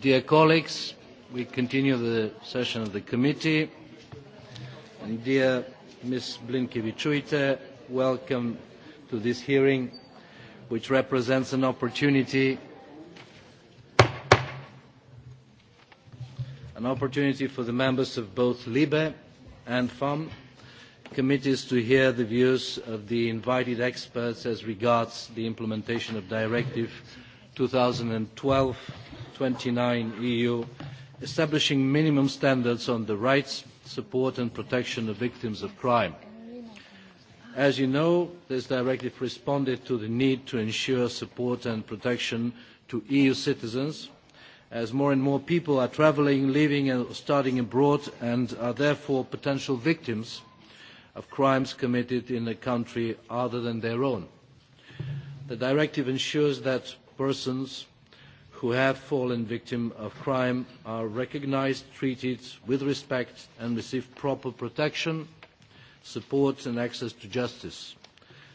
Dear colleagues, we continue the session of the committee. And dear Ms. Blinkevichuite, welcome to this hearing, which represents an opportunity an opportunity for the members of both LIBE and FAM committees to hear the views of the invited experts as regards the implementation of Directive 2012 twenty nine eu establishing minimum standards on the rights support and protection of victims of crime. as you know this directive responded to the need to ensure support and protection to eu citizens as more and more people are travelling living and starting abroad and are therefore potential victims of crimes committed in a country other than their own. the directive ensures that persons who have fallen victim of crime are recognised, treated with respect and receive proper protection, support and access to justice.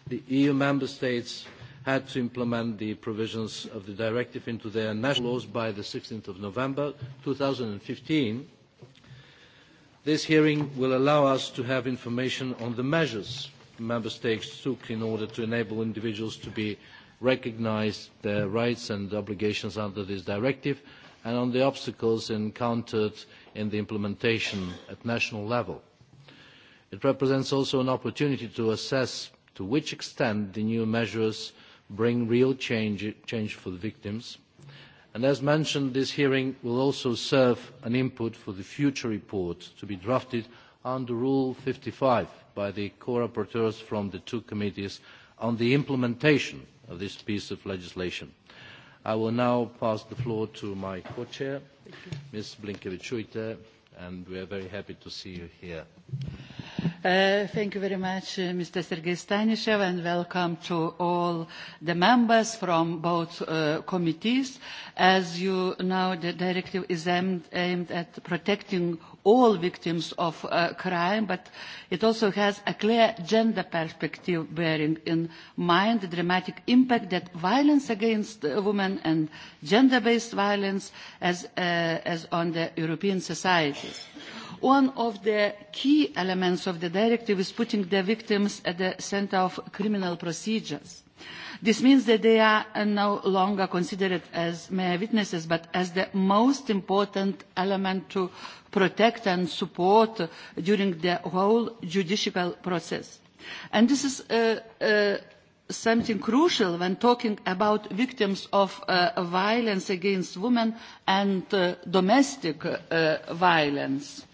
The EU member states had to implement the provisions of the directive into their national laws by the 16th of November 2015. This hearing will allow us to have information on the measures member states took in order to enable individuals to be recognise their rights and obligations under this directive and on the obstacles encountered in the implementation at national level. It represents also an opportunity to assess to which extent the new measures bring real change, for the victims. And as mentioned, this hearing will also serve an input for the future report to be drafted under Rule fifty five by the co-rapporteurs from the two committees on the implementation of this piece of legislation. I will now pass the floor to my co-chair, Ms. Blinkevichute, and we are very happy to see you here. Uh, thank you very much, uh, Mr. Sergei Stanishev, and welcome to all the members from both uh, committees. As you know, the directive is aimed, at protecting all victims of crime, but it also has a clear gender perspective bearing in mind the dramatic impact that violence against women and gender-based violence has as on the European society. One of the key elements of the directive is putting the victims at the centre of criminal procedures. This means that they are no longer considered as mere witnesses, but as the most important element to protect and support during the whole judicial process. And this is uh, uh, something crucial when talking about victims of uh, violence against women and domestic violence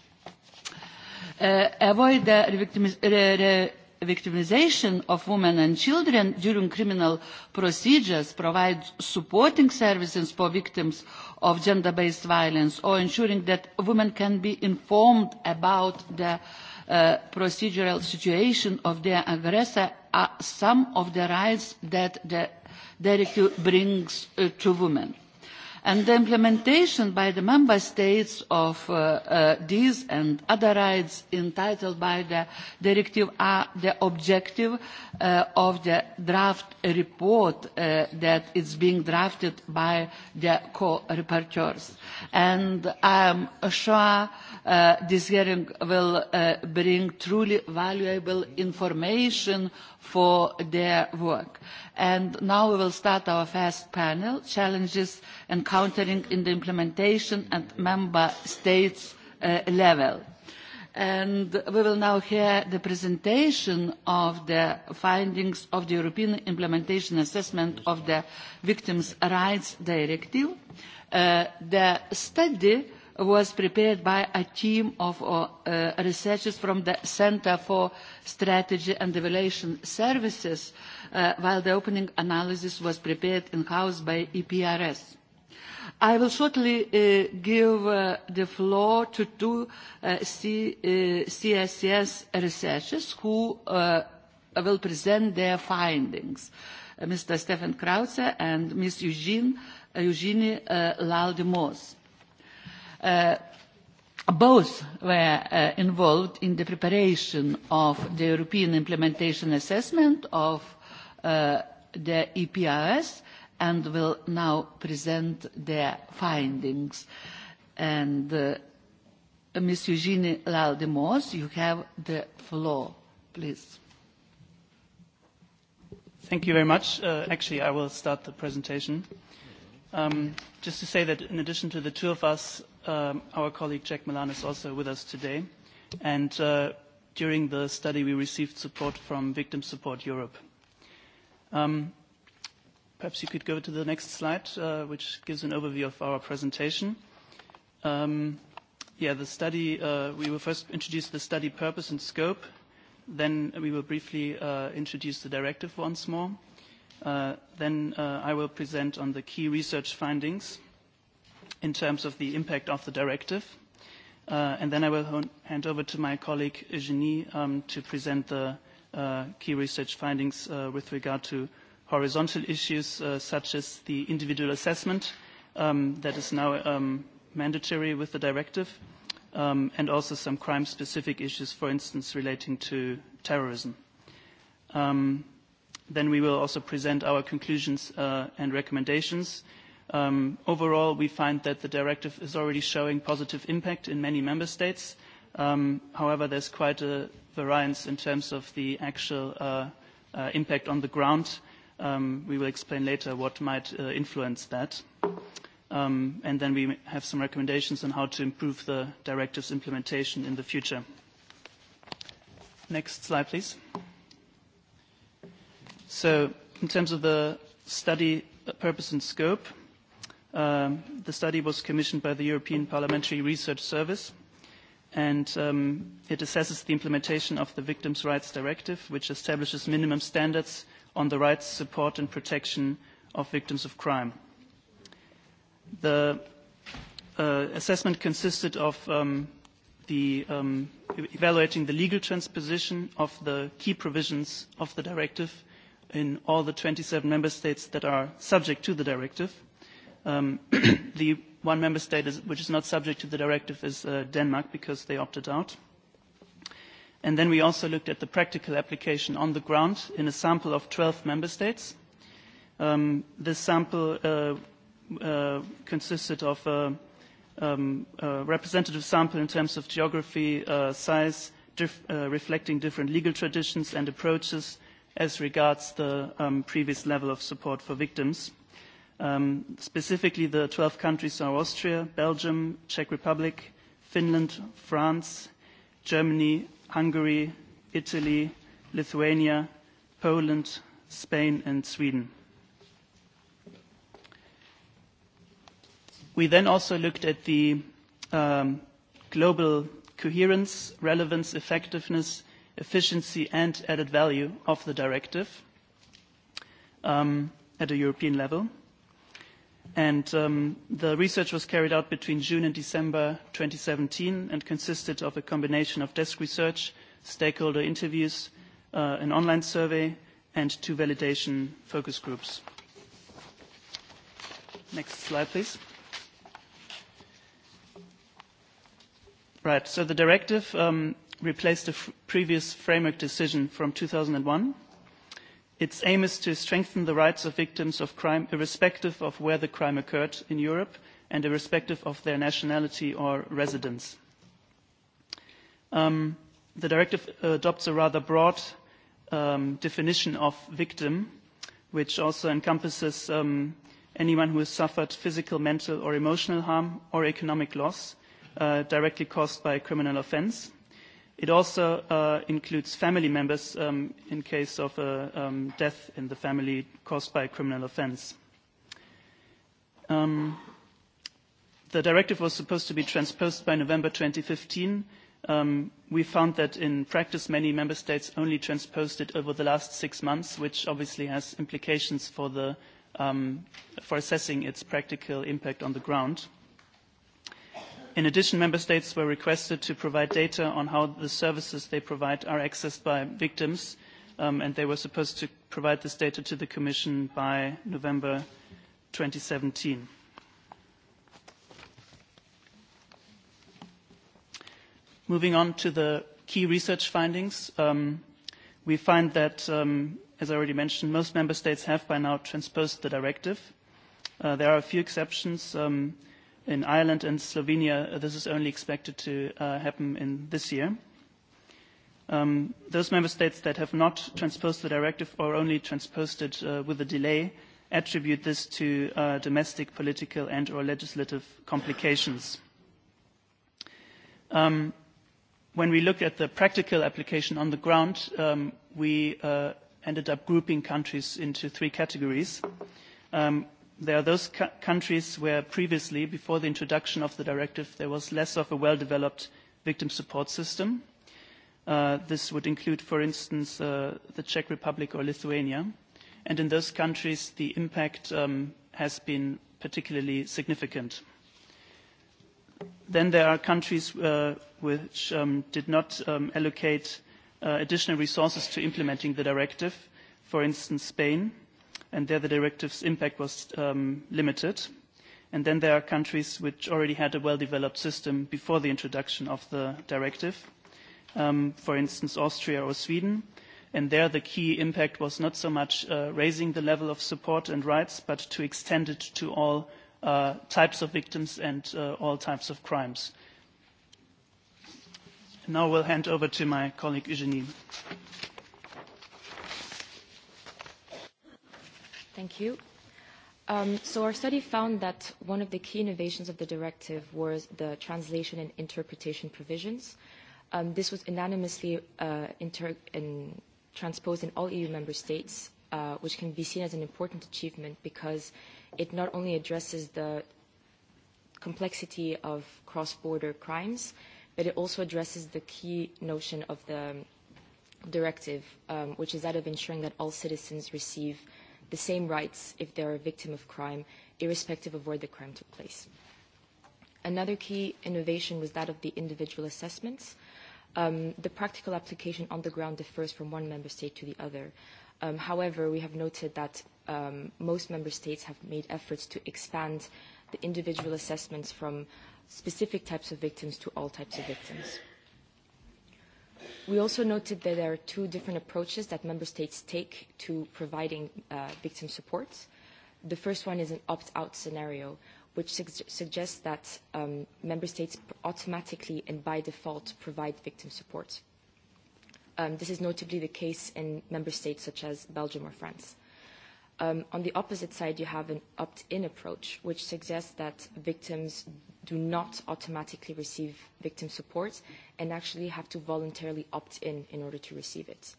uh, avoid the victimization of women and children during criminal procedures, provide supporting services for victims of gender-based violence, or ensuring that women can be informed about the uh, procedural situation of their aggressor are some of the rights that the directive brings uh, to women and the implementation by the member states of uh, uh, these and other rights entitled by the directive are the objective uh, of the draft report that is being drafted by the co-rapporteurs. And I am sure Uh, this hearing will uh, bring truly valuable information for their work. And now we will start our first panel, Challenges Encountering in the Implementation at Member States uh, Level. And we will now hear the presentation of the findings of the European Implementation Assessment of the Victims' Rights Directive. the study was prepared by a team of uh, uh, researchers from the Center for Strategy and Evaluation Services, uh, while the opening analysis was prepared in-house by EPRS. I will shortly give the floor to two CSCS researchers who will present their findings, Mr. Stefan Krause and Ms. Eugenie Laldimos. Uh, both were uh, involved in the preparation of the European implementation assessment of uh, the EPRS and will now present their findings. And uh, Ms. Eugenie Laldemos, you have the floor, please. Thank you very much. Uh, actually, I will start the presentation. Um, just to say that in addition to the two of us, Um, our colleague Jack Milan is also with us today. And uh, during the study, we received support from Victim Support Europe. Um, perhaps you could go to the next slide, uh, which gives an overview of our presentation. Um, yeah, the study, uh, we will first introduce the study purpose and scope. Then we will briefly uh, introduce the directive once more. Uh, then uh, I will present on the key research findings in terms of the impact of the directive. Uh, and then I will hand over to my colleague Eugenie um, to present the uh, key research findings uh, with regard to horizontal issues uh, such as the individual assessment um, that is now um, mandatory with the directive um, and also some crime-specific issues, for instance, relating to terrorism. Um, then we will also present our conclusions uh, and recommendations Um, overall, we find that the directive is already showing positive impact in many member states. Um, however, there's quite a variance in terms of the actual uh, uh, impact on the ground. Um, we will explain later what might uh, influence that. Um, and then we have some recommendations on how to improve the directive's implementation in the future. Next slide, please. So in terms of the study purpose and scope, Um, the study was commissioned by the European Parliamentary Research Service, and um, it assesses the implementation of the Victims' Rights Directive, which establishes minimum standards on the rights, support, and protection of victims of crime. The uh, assessment consisted of um, the, e-, evaluating the legal transposition of the key provisions of the directive in all the 27 member states that are subject to the directive, Um, the one member state which is not subject to the directive is uh, Denmark because they opted out. And then we also looked at the practical application on the ground in a sample of 12 member states. Um, this sample uh, uh, consisted of a, uh, um, a representative sample in terms of geography, uh, size, uh, reflecting different legal traditions and approaches as regards the um, previous level of support for victims. Um, specifically, the 12 countries are Austria, Belgium, Czech Republic, Finland, France, Germany, Hungary, Italy, Lithuania, Poland, Spain, and Sweden. We then also looked at the um, global coherence, relevance, effectiveness, efficiency, and added value of the directive um, at a European level and um, the research was carried out between June and December 2017 and consisted of a combination of desk research, stakeholder interviews, uh, an online survey, and two validation focus groups. Next slide, please. Right, so the directive um, replaced the previous framework decision from 2001 Its aim is to strengthen the rights of victims of crime irrespective of where the crime occurred in Europe and irrespective of their nationality or residence. Um, the directive adopts a rather broad um, definition of victim, which also encompasses um, anyone who has suffered physical, mental or emotional harm or economic loss uh, directly caused by a criminal offence It also uh, includes family members um, in case of a um, death in the family caused by a criminal offense. Um, the directive was supposed to be transposed by November 2015. Um, we found that in practice many member states only transposed it over the last six months, which obviously has implications for, the, um, for assessing its practical impact on the ground. In addition, member states were requested to provide data on how the services they provide are accessed by victims, um, and they were supposed to provide this data to the Commission by November 2017. Moving on to the key research findings, um, we find that, um, as I already mentioned, most member states have by now transposed the directive. Uh, there are a few exceptions. In Ireland and Slovenia, uh, this is only expected to uh, happen in this year. Um, those member states that have not transposed the directive or only transposed it uh, with a delay attribute this to uh, domestic, political and or legislative complications. Um, when we look at the practical application on the ground, um, we uh, ended up grouping countries into three categories. Um, There are those countries where previously, before the introduction of the directive, there was less of a well-developed victim support system. Uh, this would include, for instance, uh, the Czech Republic or Lithuania. And in those countries, the impact um, has been particularly significant. Then there are countries uh, which um, did not um, allocate additional resources to implementing the directive, for instance, Spain and there the directive's impact was um, limited. And then there are countries which already had a well-developed system before the introduction of the directive, um, for instance, Austria or Sweden. And there the key impact was not so much uh, raising the level of support and rights, but to extend it to all uh, types of victims and uh, all types of crimes. Now now we'll hand over to my colleague Eugenie. Thank you. Um, so our study found that one of the key innovations of the directive was the translation and interpretation provisions. Um, this was unanimously uh, in, transposed in all EU member states, uh, which can be seen as an important achievement because it not only addresses the complexity of cross-border crimes, but it also addresses the key notion of the directive, um, which is that of ensuring that all citizens receive – the same rights if they are a victim of crime, irrespective of where the crime took place. Another key innovation was that of the individual assessments. Um, the practical application on the ground differs from one member state to the other. Um, however, we have noted that um, most member states have made efforts to expand the individual assessments from specific types of victims to all types of victims. We also noted that there are two different approaches that member states take to providing uh, victim support. The first one is an opt-out scenario, which suggests that um, member states automatically and by default provide victim support. Um, this is notably the case in member states such as Belgium or France. Um, on the opposite side, you have an opt-in approach, which suggests that victims do not automatically receive victim support and actually have to voluntarily opt in in order to receive it.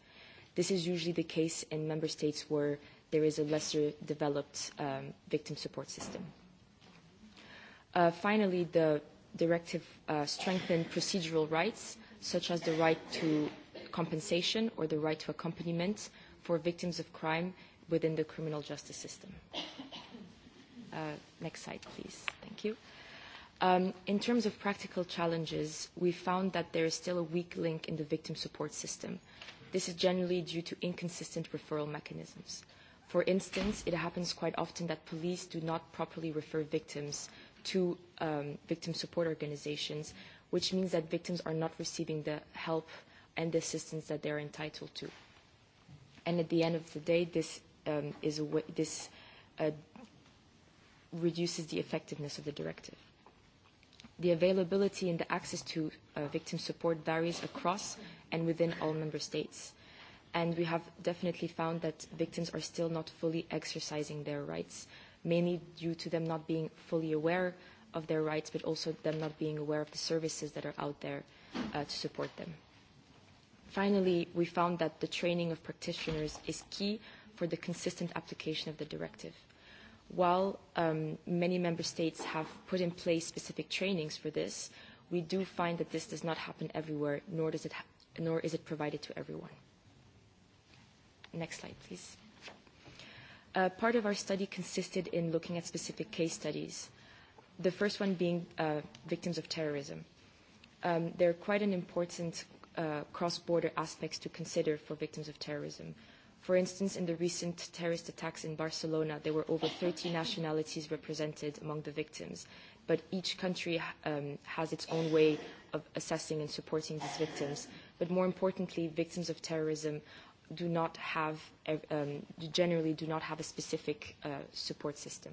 This is usually the case in member states where there is a lesser developed um, victim support system. Uh, finally, the directive uh, strengthened procedural rights, such as the right to compensation or the right to accompaniment for victims of crime within the criminal justice system. Uh, next slide, please. Thank you. Um, in terms of practical challenges, we found that there is still a weak link in the victim support system. This is generally due to inconsistent referral mechanisms. For instance, it happens quite often that police do not properly refer victims to um, victim support organizations, which means that victims are not receiving the help and the assistance that they are entitled to. And at the end of the day, this um, is a way, this uh, reduces the effectiveness of the directive. The availability and the access to uh, victim support varies across and within all member states. And we have definitely found that victims are still not fully exercising their rights, mainly due to them not being fully aware of their rights, but also them not being aware of the services that are out there uh, to support them. Finally, we found that the training of practitioners is key for the consistent application of the directive. While um, many member states have put in place specific trainings for this, we do find that this does not happen everywhere, nor, does it ha nor is it provided to everyone. Next slide, please. Uh, part of our study consisted in looking at specific case studies, the first one being uh, victims of terrorism. Um, there are quite an important uh, cross-border aspects to consider for victims of terrorism. For instance, in the recent terrorist attacks in Barcelona, there were over 30 nationalities represented among the victims, but each country um, has its own way of assessing and supporting these victims. But more importantly, victims of terrorism do not have, um, generally do not have a specific uh, support system.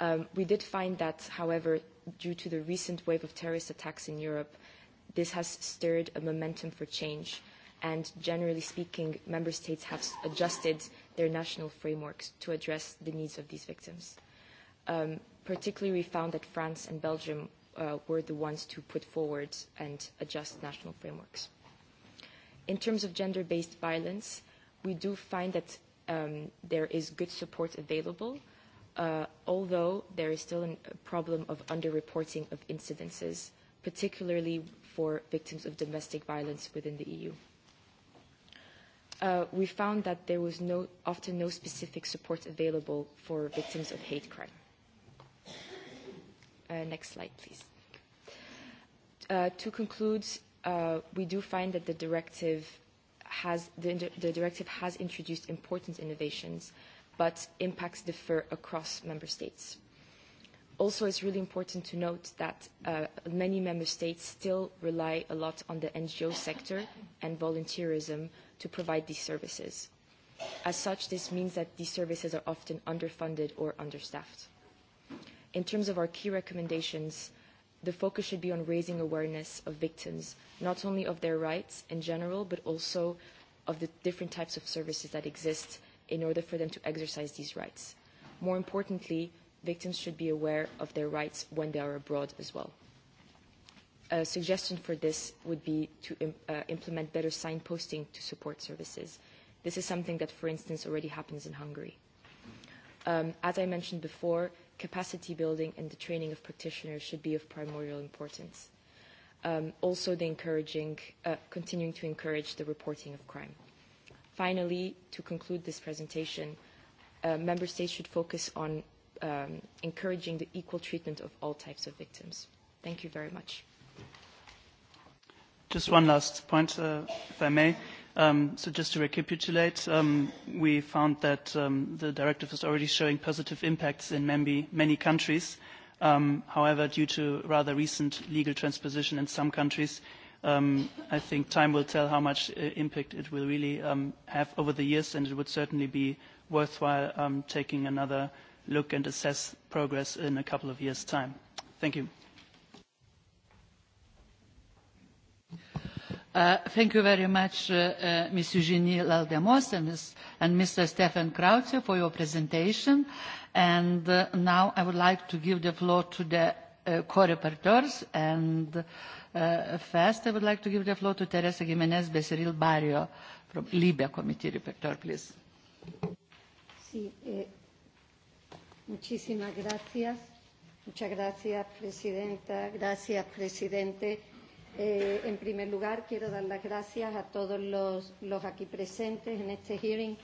Um, we did find that, however, due to the recent wave of terrorist attacks in Europe, this has stirred a momentum for change and generally speaking, member states have adjusted their national frameworks to address the needs of these victims. Um, particularly, we found that France and Belgium uh, were the ones to put forward and adjust national frameworks. In terms of gender-based violence, we do find that um, there is good support available, uh, although there is still a problem of underreporting of incidences, particularly for victims of domestic violence within the EU. Uh, we found that there was no, often no specific support available for victims of hate crime. Uh, next slide, please. Uh, to conclude, uh, we do find that the directive has, the, the directive has introduced important innovations, but impacts differ across member states. Also, it's really important to note that uh, many member states still rely a lot on the NGO sector and volunteerism to provide these services. As such, this means that these services are often underfunded or understaffed. In terms of our key recommendations, the focus should be on raising awareness of victims, not only of their rights in general, but also of the different types of services that exist in order for them to exercise these rights. More importantly, victims should be aware of their rights when they are abroad as well. Uh, suggestion for this would be to uh, implement better signposting to support services. This is something that, for instance, already happens in Hungary. Um, as I mentioned before, capacity building and the training of practitioners should be of primordial importance. Um, also, the encouraging, uh, continuing to encourage the reporting of crime. Finally, to conclude this presentation, uh, member states should focus on um, encouraging the equal treatment of all types of victims. Thank you very much. Just one last point, uh, if I may. Um, so just to recapitulate, um, we found that um, the directive is already showing positive impacts in many, countries. However, due to rather recent legal transposition in some countries, I think time will tell how much uh, impact it will really have over the years, and it would certainly be worthwhile taking another look and assess progress in a couple of years' time. Thank you. Uh, thank you very much, uh, uh Ms. Eugenie Laldemos and, Ms., and Mr. Stefan Krautio for your presentation. And uh, now I would like to give the floor to the uh, co-reporters. And uh, first, I would like to give the floor to Teresa Jimenez Becerril Barrio from Libya Committee Reporter, please. Sí, eh, muchísimas gracias. Muchas gracias, Presidenta. Gracias, Presidente Eh, en primer lugar, quiero dar las gracias a todos los, los aquí presentes en este hearing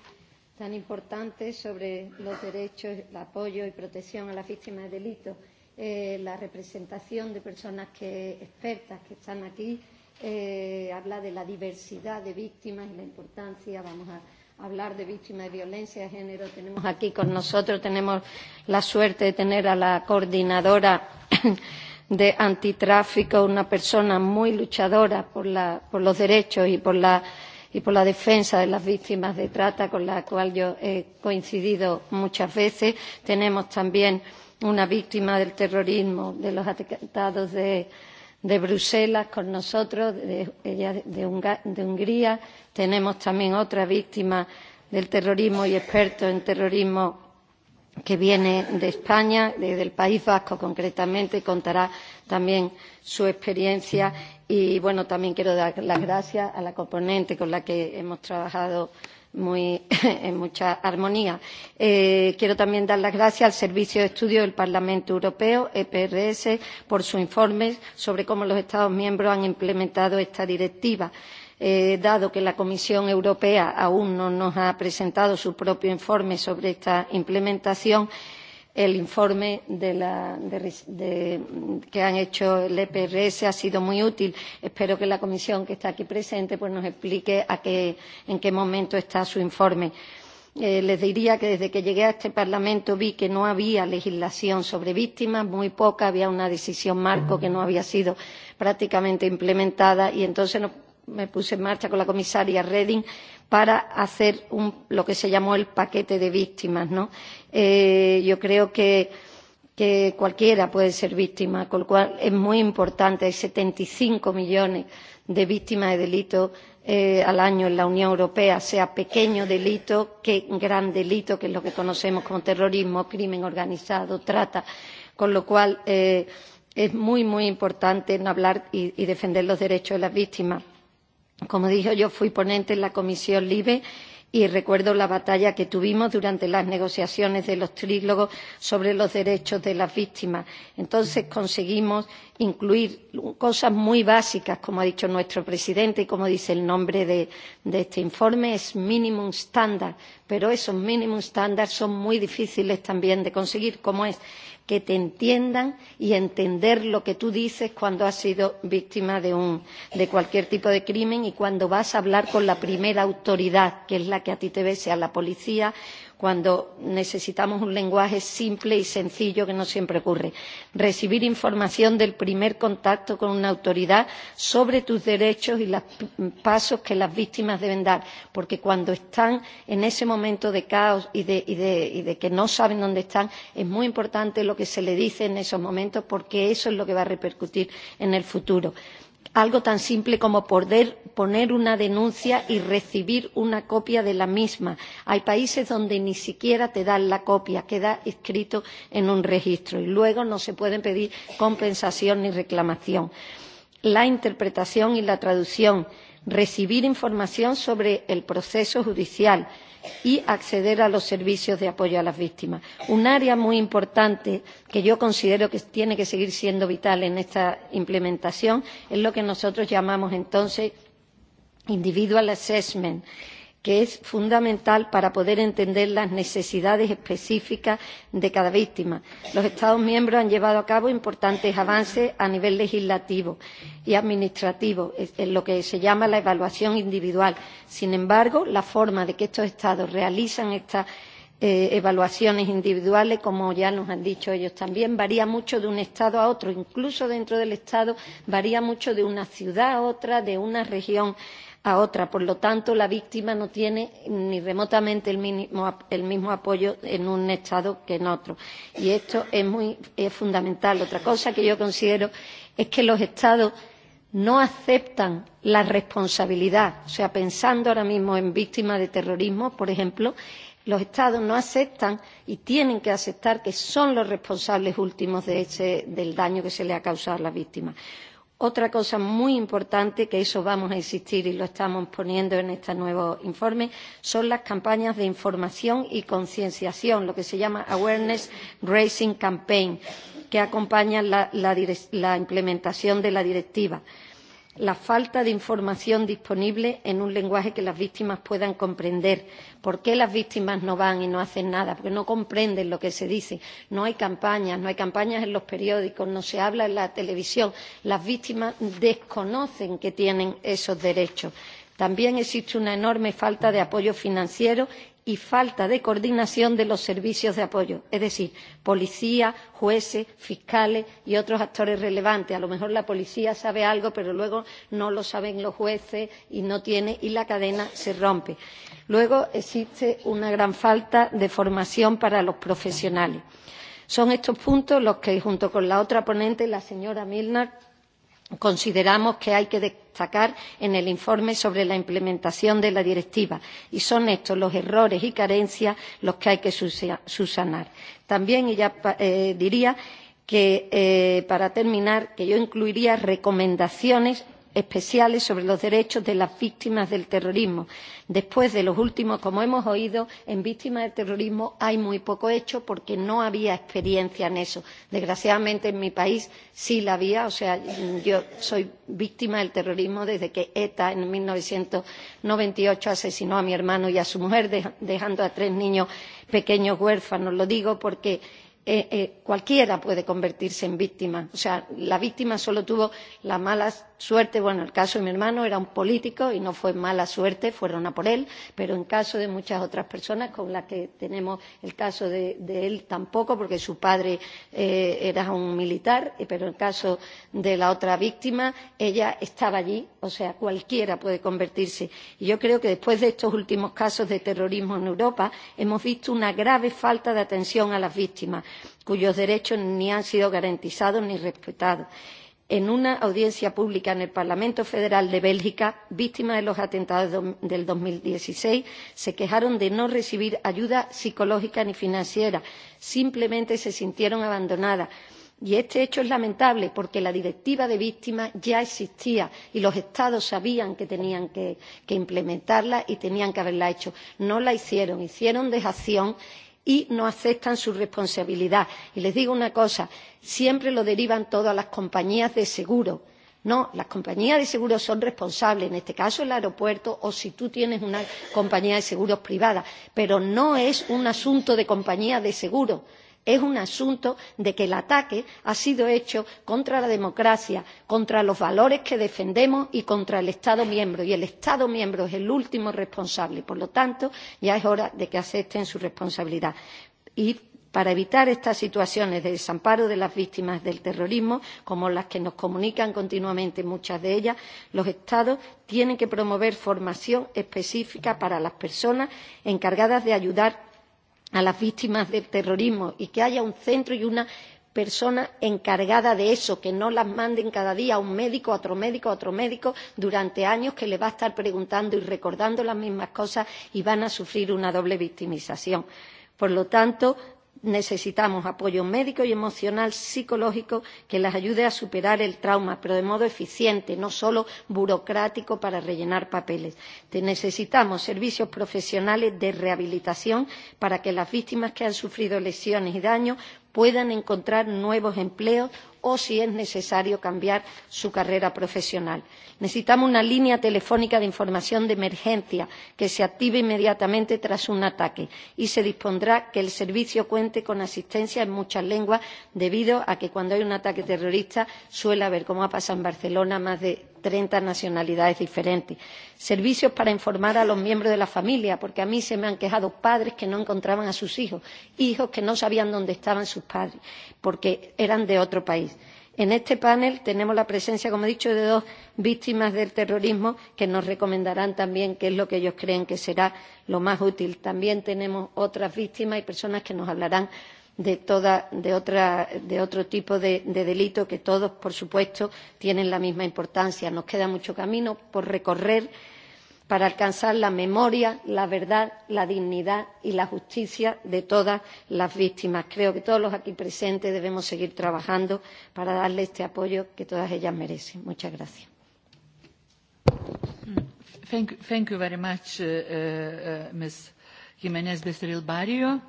tan importante sobre los derechos, el apoyo y protección a las víctimas de delitos. Eh, la representación de personas que, expertas que están aquí eh, habla de la diversidad de víctimas y la importancia. Vamos a hablar de víctimas de violencia de género. Tenemos aquí con nosotros, tenemos la suerte de tener a la coordinadora de antitráfico, una persona muy luchadora por, la, por los derechos y por, la, y por la defensa de las víctimas de trata, con la cual yo he coincidido muchas veces. Tenemos también una víctima del terrorismo de los atentados de, de Bruselas con nosotros, de, de, de Hungría. Tenemos también otra víctima del terrorismo y experto en terrorismo que viene de España, desde el País Vasco concretamente, y contará también su experiencia. Y bueno, también quiero dar las gracias a la componente con la que hemos trabajado en mucha armonía. Eh, quiero también dar las gracias al Servicio de Estudio del Parlamento Europeo, EPRS, por su informe sobre cómo los Estados miembros han implementado esta directiva. Eh, dado que la Comisión Europea aún no nos ha presentado su propio informe sobre esta implementación, el informe de la, de, que han hecho el EPRS ha sido muy útil. Espero que la Comisión que está aquí presente pues nos explique a qué, en qué momento está su informe. Eh, les diría que desde que llegué a este Parlamento vi que no había legislación sobre víctimas, muy poca, había una decisión marco que no había sido prácticamente implementada y entonces me puse en marcha con la comisaria Reding para hacer lo que se llamó el paquete de víctimas. ¿no? Eh, yo creo que, cualquiera puede ser víctima, con lo cual es muy importante. Hay 75 millones de víctimas de delitos eh, al año en la Unión Europea, sea pequeño delito que gran delito, que es lo que conocemos como terrorismo, crimen organizado, trata. Con lo cual eh, es muy, muy importante hablar y defender los derechos de las víctimas Como dijo, yo fui ponente en la Comisión LIBE y recuerdo la batalla que tuvimos durante las negociaciones de los trílogos sobre los derechos de las víctimas. Entonces conseguimos incluir cosas muy básicas, como ha dicho nuestro presidente y como dice el nombre de, de este informe, es minimum standard, pero esos mínimos estándares son muy difíciles también de conseguir, como es que te entiendan y entender lo que tú dices cuando has sido víctima de, un, de cualquier tipo de crimen y cuando vas a hablar con la primera autoridad, que es la que a ti te ve, sea la policía cuando necesitamos un lenguaje simple y sencillo que no siempre ocurre recibir información del primer contacto con una autoridad sobre tus derechos y los pasos que las víctimas deben dar porque cuando están en ese momento de caos y de, que no saben dónde están es muy importante lo que se les dice en esos momentos porque eso es lo que va a repercutir en el futuro algo tan simple como poder poner una denuncia y recibir una copia de la misma. Hay países donde ni siquiera te dan la copia, queda escrito en un registro y luego no se pueden pedir compensación ni reclamación. La interpretación y la traducción, recibir información sobre el proceso judicial, y acceder a los servicios de apoyo a las víctimas un área muy importante que yo considero que tiene que seguir siendo vital en esta implementación es lo que nosotros llamamos entonces individual assessment que es fundamental para poder entender las necesidades específicas de cada víctima. los estados miembros han llevado a cabo importantes avances a nivel legislativo y administrativo en lo que se llama la evaluación individual. sin embargo la forma de que estos estados realizan estas eh, evaluaciones individuales como ya nos han dicho ellos también varía mucho de un estado a otro incluso dentro del estado varía mucho de una ciudad a otra de una región a otra. Por lo tanto, la víctima no tiene ni remotamente el, mismo apoyo en un Estado que en otro. Y esto es, muy, es fundamental. Otra cosa que yo considero es que los Estados no aceptan la responsabilidad. O sea, pensando ahora mismo en víctimas de terrorismo, por ejemplo, los Estados no aceptan y tienen que aceptar que son los responsables últimos de ese, del daño que se le ha causado a las víctimas. Otra cosa muy importante, que eso vamos a insistir y lo estamos poniendo en este nuevo informe, son las campañas de información y concienciación, lo que se llama Awareness Raising Campaign, que acompañan la, la implementación de la directiva la falta de información disponible en un lenguaje que las víctimas puedan comprender. ¿Por qué las víctimas no van y no hacen nada? Porque no comprenden lo que se dice. No hay campañas, no hay campañas en los periódicos, no se habla en la televisión. Las víctimas desconocen que tienen esos derechos. También existe una enorme falta de apoyo financiero y falta de coordinación de los servicios de apoyo es decir policía jueces fiscales y otros actores relevantes. a lo mejor la policía sabe algo pero luego no lo saben los jueces y no tiene y la cadena se rompe. luego existe una gran falta de formación para los profesionales. son estos puntos los que junto con la otra ponente la señora milner consideramos que hay que destacar en el informe sobre la implementación de la directiva y son estos los errores y carencias los que hay que subsanar. también y ya pa-, eh, diría que eh, para terminar que yo incluiría recomendaciones especiales sobre los derechos de las víctimas del terrorismo. después de los últimos como hemos oído en víctimas del terrorismo hay muy poco hecho porque no había experiencia en eso. desgraciadamente en mi país sí la había o sea yo soy víctima del terrorismo desde que eta en mil novecientos noventa y ocho asesinó a mi hermano y a su mujer dejando a tres niños pequeños huérfanos. lo digo porque eh, eh, cualquiera puede convertirse en víctima o sea la víctima solo tuvo la mala suerte, bueno, el caso de mi hermano era un político y no fue mala suerte, fueron a por él, pero en caso de muchas otras personas, con las que tenemos el caso de, de él tampoco, porque su padre eh, era un militar, pero en el caso de la otra víctima, ella estaba allí, o sea, cualquiera puede convertirse. Y yo creo que después de estos últimos casos de terrorismo en Europa, hemos visto una grave falta de atención a las víctimas, cuyos derechos ni han sido garantizados ni respetados en una audiencia pública en el Parlamento Federal de Bélgica, víctimas de los atentados del 2016, se quejaron de no recibir ayuda psicológica ni financiera. Simplemente se sintieron abandonadas. Y este hecho es lamentable porque la directiva de víctimas ya existía y los Estados sabían que tenían que, implementarla y tenían que haberla hecho. No la hicieron, hicieron dejación y no aceptan su responsabilidad. y les digo una cosa siempre lo derivan todo a las compañías de seguro. no las compañías de seguro son responsables en este caso el aeropuerto o si tú tienes una compañía de seguros privada pero no es un asunto de compañías de seguros es un asunto de que el ataque ha sido hecho contra la democracia contra los valores que defendemos y contra el estado miembro y el estado miembro es el último responsable. por lo tanto ya es hora de que acepten su responsabilidad. y para evitar estas situaciones de desamparo de las víctimas del terrorismo como las que nos comunican continuamente muchas de ellas los estados tienen que promover formación específica para las personas encargadas de ayudar a las víctimas del terrorismo y que haya un centro y una persona encargada de eso que no las manden cada día a un médico a otro médico a otro médico durante años que les va a estar preguntando y recordando las mismas cosas y van a sufrir una doble victimización. por lo tanto necesitamos apoyo médico y emocional psicológico que las ayude a superar el trauma pero de modo eficiente no solo burocrático para rellenar papeles. necesitamos servicios profesionales de rehabilitación para que las víctimas que han sufrido lesiones y daños puedan encontrar nuevos empleos o si es necesario cambiar su carrera profesional. necesitamos una línea telefónica de información de emergencia que se active inmediatamente tras un ataque y se dispondrá que el servicio cuente con asistencia en muchas lenguas debido a que cuando hay un ataque terrorista suele haber como ha pasado en barcelona más de treinta nacionalidades diferentes servicios para informar a los miembros de la familia porque a mí se me han quejado padres que no encontraban a sus hijos hijos que no sabían dónde estaban sus padres porque eran de otro país. en este panel tenemos la presencia como he dicho de dos víctimas del terrorismo que nos recomendarán también qué es lo que ellos creen que será lo más útil. también tenemos otras víctimas y personas que nos hablarán de, toda, de, otra, de otro tipo de, de delito que todos, por supuesto, tienen la misma importancia. Nos queda mucho camino por recorrer para alcanzar la memoria, la verdad, la dignidad y la justicia de todas las víctimas. Creo que todos los aquí presentes debemos seguir trabajando para darle este apoyo que todas ellas merecen. Muchas gracias. Thank very much, uh, uh, uh, Barrio.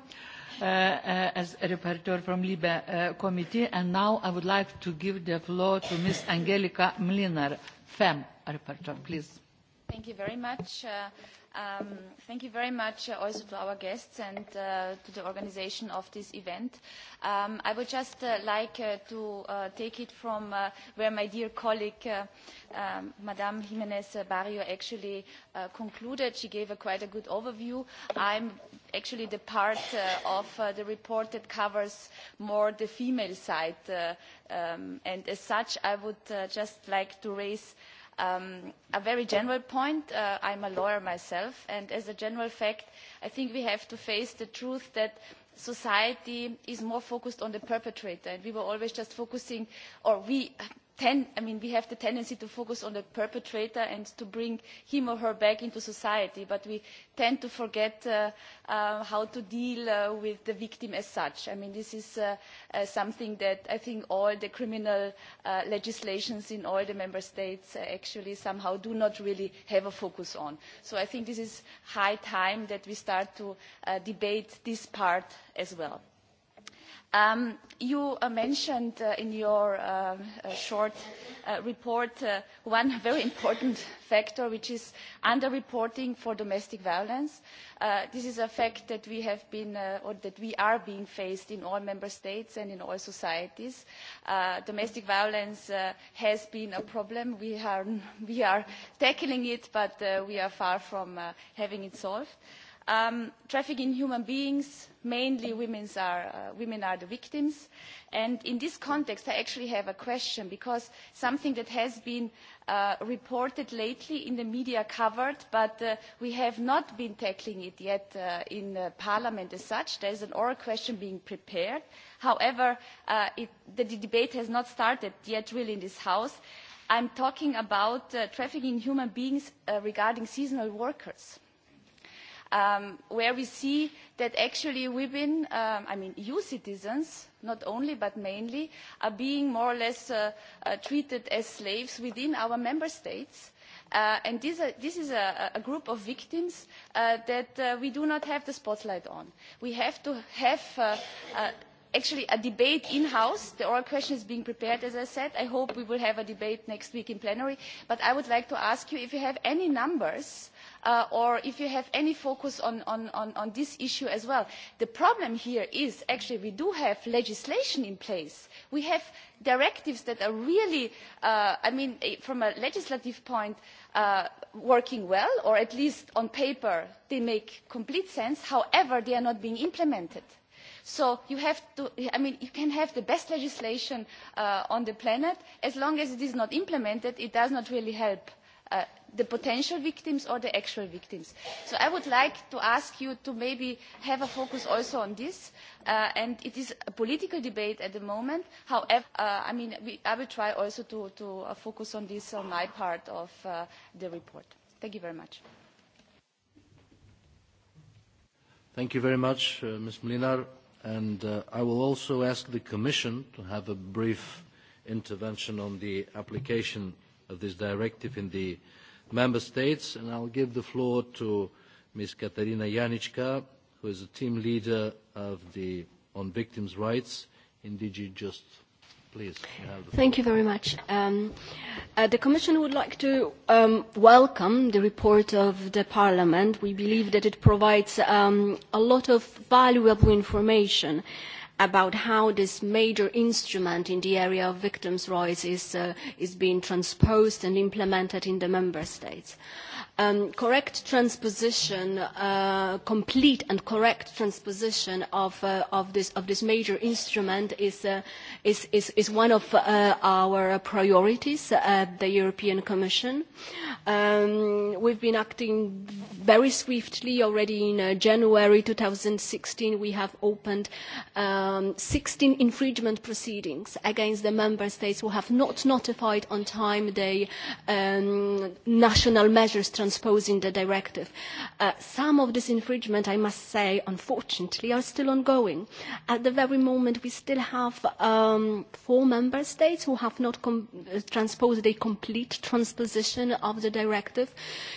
Uh, uh, as a rapporteur from LIBE uh, committee. And now I would like to give the floor to Ms. Angelika Mlinar, FEM rapporteur, please. Thank you very much. Um, thank you very much also to our guests and to the organization of this event. Um, I would just like to take it from where my dear colleague, um, Madame Jimenez Barrio, actually concluded. She gave a quite a good overview. I'm actually the part uh, of uh, the report that covers more the female side uh, um, and as such i would just like to raise um, a very general point i am a lawyer myself and as a general fact i think we have to face the truth that society is more focused on the perpetrator and we were always just focusing or we i mean we have the tendency to focus on the perpetrator and to bring him or her back into society but we tend to forget uh, uh, how to deal uh, with the victim as such this is something that i think all the criminal legislations in all the member states actually somehow do not really have a focus on so i think this is high time that we start to debate this part as well Um, you uh, mentioned uh, in your um, uh, short report one very important factor which is under reporting for domestic violence. this is a fact that we have been or that we are being faced in all member states and in all societies. domestic violence has been a problem. we are, we are tackling it but we are far from having it solved. Um, trafficking in human beings, mainly uh, women are the victims. And in this context, I actually have a question because something that has been uh, reported lately in the media covered, but uh, we have not been tackling it yet in Parliament as such. There is an oral question being prepared. However, the debate has not started yet really in this House. I'm talking about trafficking in human beings regarding seasonal workers um, where we see that actually women, um, I mean EU citizens, not only but mainly, are being more or less uh, uh, treated as slaves within our member states. Uh, and this, uh, this is a, a group of victims uh, that uh, we do not have the spotlight on. we have to have uh, uh, actually a debate in house the oral question is being prepared as i said i hope we will have a debate next week in plenary but i would like to ask you if you have any numbers Uh, or if you have any focus on, on, this issue as well. the problem here is actually we do have legislation in place we have directives that are really uh, i mean eh, from a legislative point uh, working well or at least on paper they make complete sense however they are not being implemented so you have to i mean you can have the best legislation on the planet as long as it is not implemented it does not really help Uh, the potential victims or the actual victims. so i would like to ask you to maybe have a focus also on this uh, and it is a political debate at the moment however uh, i mean i will try also to, focus on this on my part of the report. thank you very much. thank you very much ms mlinar and i will also ask the commission to have a brief intervention on the application of this directive in the member states. And I'll give the floor to Ms. Katarina Janicka, who is a team leader of the, on victims' rights in DG Just. Please, you Thank you very much. Um, uh, the Commission would like to um, welcome the report of the Parliament. We believe that it provides um, a lot of valuable information about how this major instrument in the area of victims' rights is, uh, is being transposed and implemented in the member states. Um, correct transposition, uh, complete and correct transposition of, uh, of, this, of this major instrument is, uh, is, is, one of our priorities at the European Commission. Um, we've been acting very swiftly already in January 2016. We have opened 16 um, infringement proceedings against the member states who have not notified on time the um, national measures transposing the directive. Uh, some of this infringement, I must say, unfortunately, are still ongoing. At the very moment, we still have um, four member states who have not uh, transposed a complete transposition of the directive.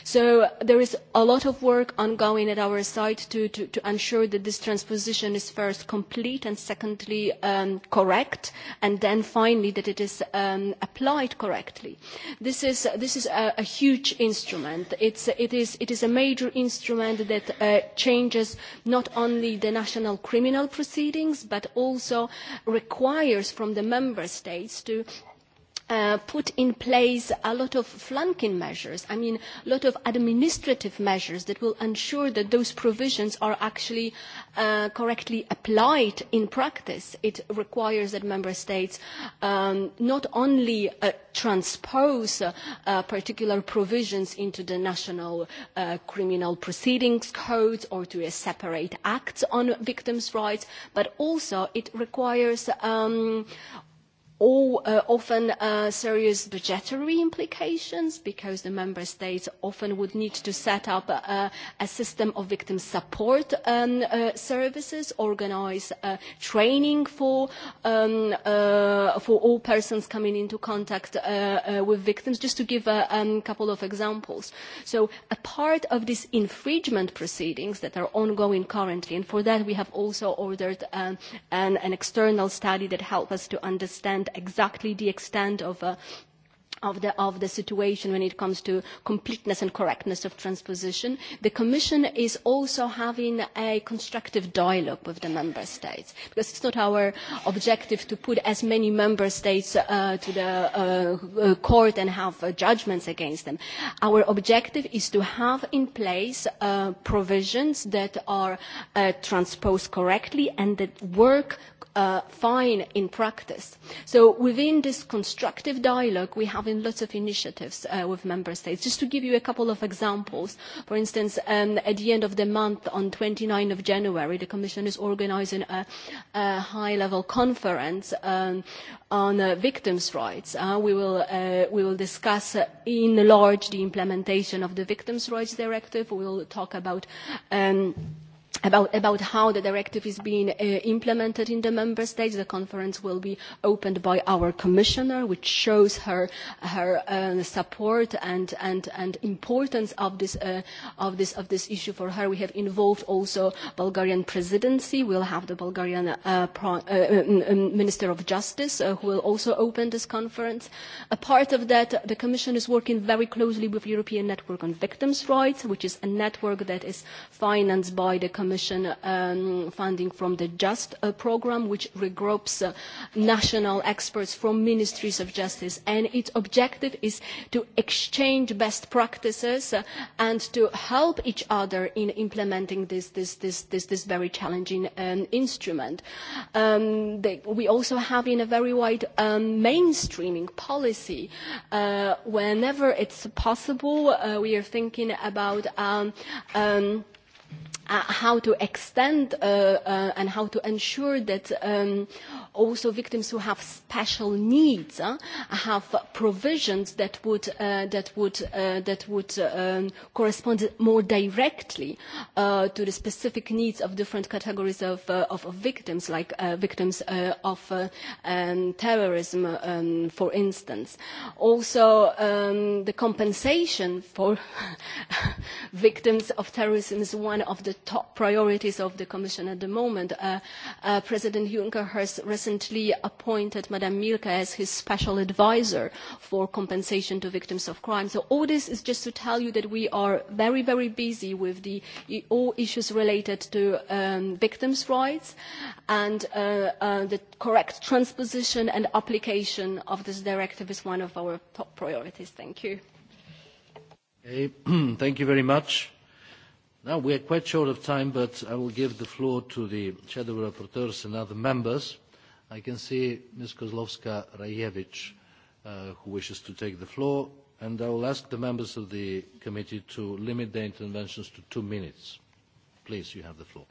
So there is a lot of work ongoing at our side to, to, ensure that this transposition is first complete and secondly um, correct, and then finally that it is um, applied correctly. This is, this is a huge instrument it, is, a major instrument that uh, changes not only the national criminal proceedings but also requires from the member states to Uh, put in place a lot of flanking measures i mean a lot of administrative measures that will ensure that those provisions are actually uh, correctly applied in practice. it requires that member states um, not only uh, transpose particular provisions into the national criminal proceedings codes or to a separate acts on victims' rights but also it requires um, all, uh, often uh, serious budgetary implications because the member states often would need to set up a, uh, a system of victim support um, uh, services, organize uh, training for, um, for all persons coming into contact with victims, just to give a um, couple of examples. So a part of these infringement proceedings that are ongoing currently, and for that we have also ordered um, an, an external study that helps us to understand exactly the extent of uh, of the, of the situation when it comes to completeness and correctness of transposition. The Commission is also having a constructive dialogue with the Member States because it's not our objective to put as many Member States uh, to the uh, uh, court and have judgments against them. Our objective is to have in place provisions that are transposed correctly and that work fine in practice. So within this constructive dialogue we have in lots of initiatives uh, with member states. Just to give you a couple of examples, for instance, um, at the end of the month, on 29 of January, the Commission is organizing a, high-level conference um, on uh, victims' rights. Uh, we, will, we will discuss in large the implementation of the Victims' Rights Directive. We will talk about um, About, about how the directive is being uh, implemented in the member states the conference will be opened by our commissioner which shows her her uh, support and and importance uh, of this issue for her we have involved also bulgarian presidency we'll have the bulgarian minister of justice who will also open this conference a part of that the commission is working very closely with european network on victims rights which is a network that is financed by the Commission um, funding from the JUST uh, programme, which regroups uh, national experts from ministries of justice. And its objective is to exchange best practices uh, and to help each other in implementing this, very challenging um, instrument. Um, we also have in a very wide mainstreaming policy. Uh, whenever it's possible, we are thinking about Uh, how to extend uh, uh, and how to ensure that um, also victims who have special needs have provisions that would uh, that would uh, that would um, correspond more directly uh, to the specific needs of different categories of of, victims like victims of um, terrorism um, for instance also the compensation for victims of terrorism is one of the top priorities of the commission at the moment president juncker has recently appointed Madame Milka as his special advisor for compensation to victims of crime. So all this is just to tell you that we are very, very busy with the, all issues related to um, victims' rights and uh, uh, the correct transposition and application of this directive is one of our top priorities. Thank you. Thank you very much. Now we are quite short of time, but I will give the floor to the shadow rapporteurs and other members. I can see Ms. kozlovska rajević uh, who wishes to take the floor, and I will ask the members of the committee to limit their interventions to two minutes. Please, you have the floor.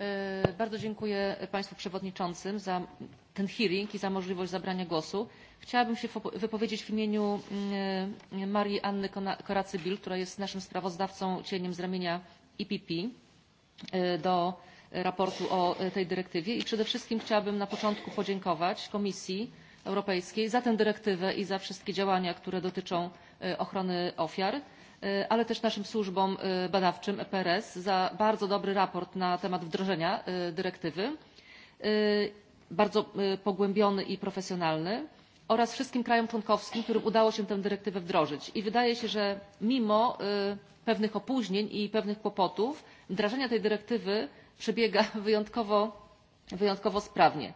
E, bardzo dziękuję Państwu Przewodniczącym za ten hearing i za możliwość zabrania głosu. Chciałabym się wypowiedzieć w imieniu mm, e, Marii Anny koracy która jest naszym sprawozdawcą cieniem z ramienia IPP e do raportu o e, tej dyrektywie i przede wszystkim chciałabym na początku podziękować Komisji Europejskiej za tę dyrektywę i za wszystkie działania, które dotyczą e, ochrony ofiar, e, ale też naszym służbom badawczym EPRS za bardzo dobry raport na temat wdrożenia dyrektywy, bardzo pogłębiony i profesjonalny oraz wszystkim krajom członkowskim, którym udało się tę dyrektywę wdrożyć. I wydaje się, że mimo pewnych opóźnień i pewnych kłopotów wdrażania tej dyrektywy przebiega wyjątkowo, sprawnie.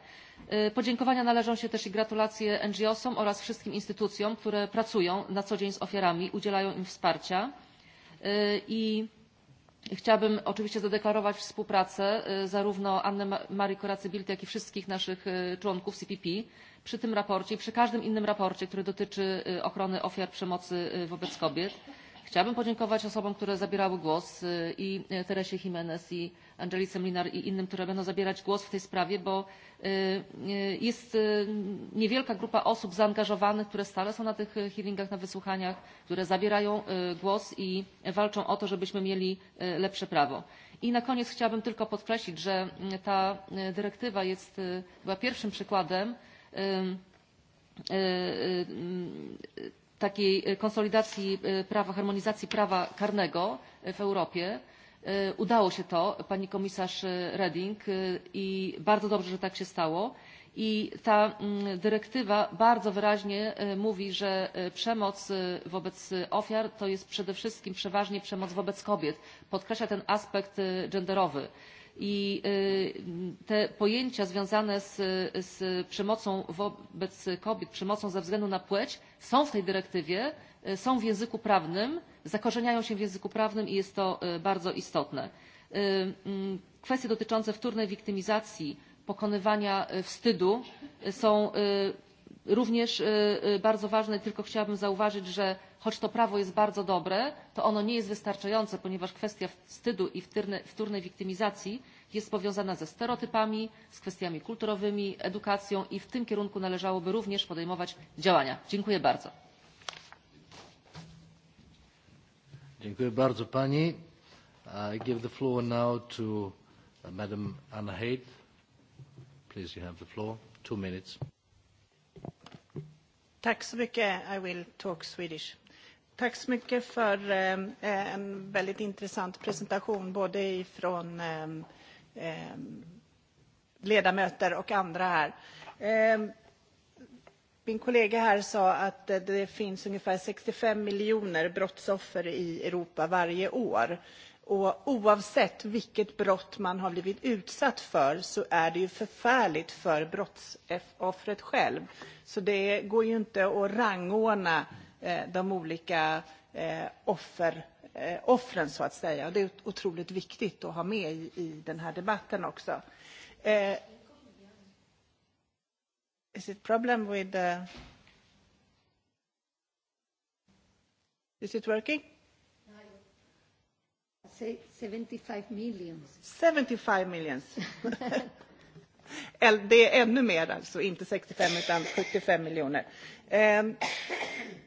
E, podziękowania należą się też i gratulacje som oraz wszystkim instytucjom, które pracują na co dzień z ofiarami, udzielają im wsparcia e, i chciałabym oczywiście zadeklarować współpracę e, zarówno Anny Marii Koracy-Bilt, jak i wszystkich naszych członków CPP przy tym sprawozdaniu i przy każdym innym sprawozdaniu, który dotyczy ochrony ofiar przemocy wobec kobiet Chciałabym podziękować osobom, które zabierały głos i Teresie Jimenez i Angelice Mlinar i innym, które będą zabierać głos w tej sprawie, bo jest niewielka grupa osób zaangażowanych, które stale są na tych hearingach, na wysłuchaniach, które zabierają głos i walczą o to, żebyśmy mieli lepsze prawo. I na koniec chciałabym tylko podkreślić, że ta dyrektywa jest, była pierwszym przykładem takiej e, konsolidacji e, prawa, harmonizacji prawa karnego e, w Europie. Udało się to, pani komisarz Reding, i bardzo dobrze, że tak się stało. I ta mm, dyrektywa bardzo wyraźnie mówi, że przemoc wobec ofiar to jest przede wszystkim przeważnie przemoc wobec kobiet. Podkreśla ten aspekt genderowy i e, te pojęcia związane z, przemocą wobec kobiet, przemocą ze względu na płeć są w tej dyrektywie, e, są w języku prawnym, zakorzeniają się w języku prawnym i jest to e, bardzo istotne. Kwestie dotyczące wtórnej wiktymizacji, pokonywania wstydu są również bardzo ważne, tylko chciałabym zauważyć, że choć to prawo jest bardzo dobre to ono nie jest wystarczające ponieważ kwestia wstydu i wtórnej wiktymizacji jest powiązana ze stereotypami z kwestiami kulturowymi edukacją i w tym kierunku należałoby również podejmować działania. dziękuję bardzo. Dziękuję bardzo pani. give the floor now to uh, Madam Anna Haid. Please, you have the floor. Two minutes. I will talk Tack så mycket för eh, eh, en väldigt intressant presentation både ifrån eh, ledamöter och andra här. Min kollega här sa att det finns ungefär 65 miljoner brottsoffer i Europa varje år. Och oavsett vilket brott man har blivit utsatt för så är det ju förfärligt för brottsoffret själv. Så det går ju inte att rangordna Eh, de olika eh, offer, eh, offren så att säga. Det är otroligt viktigt att ha med i, den här debatten också. Eh, is it problem with the... Is it working? 75 millions. 75 millions. Det är ännu mer alltså, inte 65 utan 75 miljoner. Eh,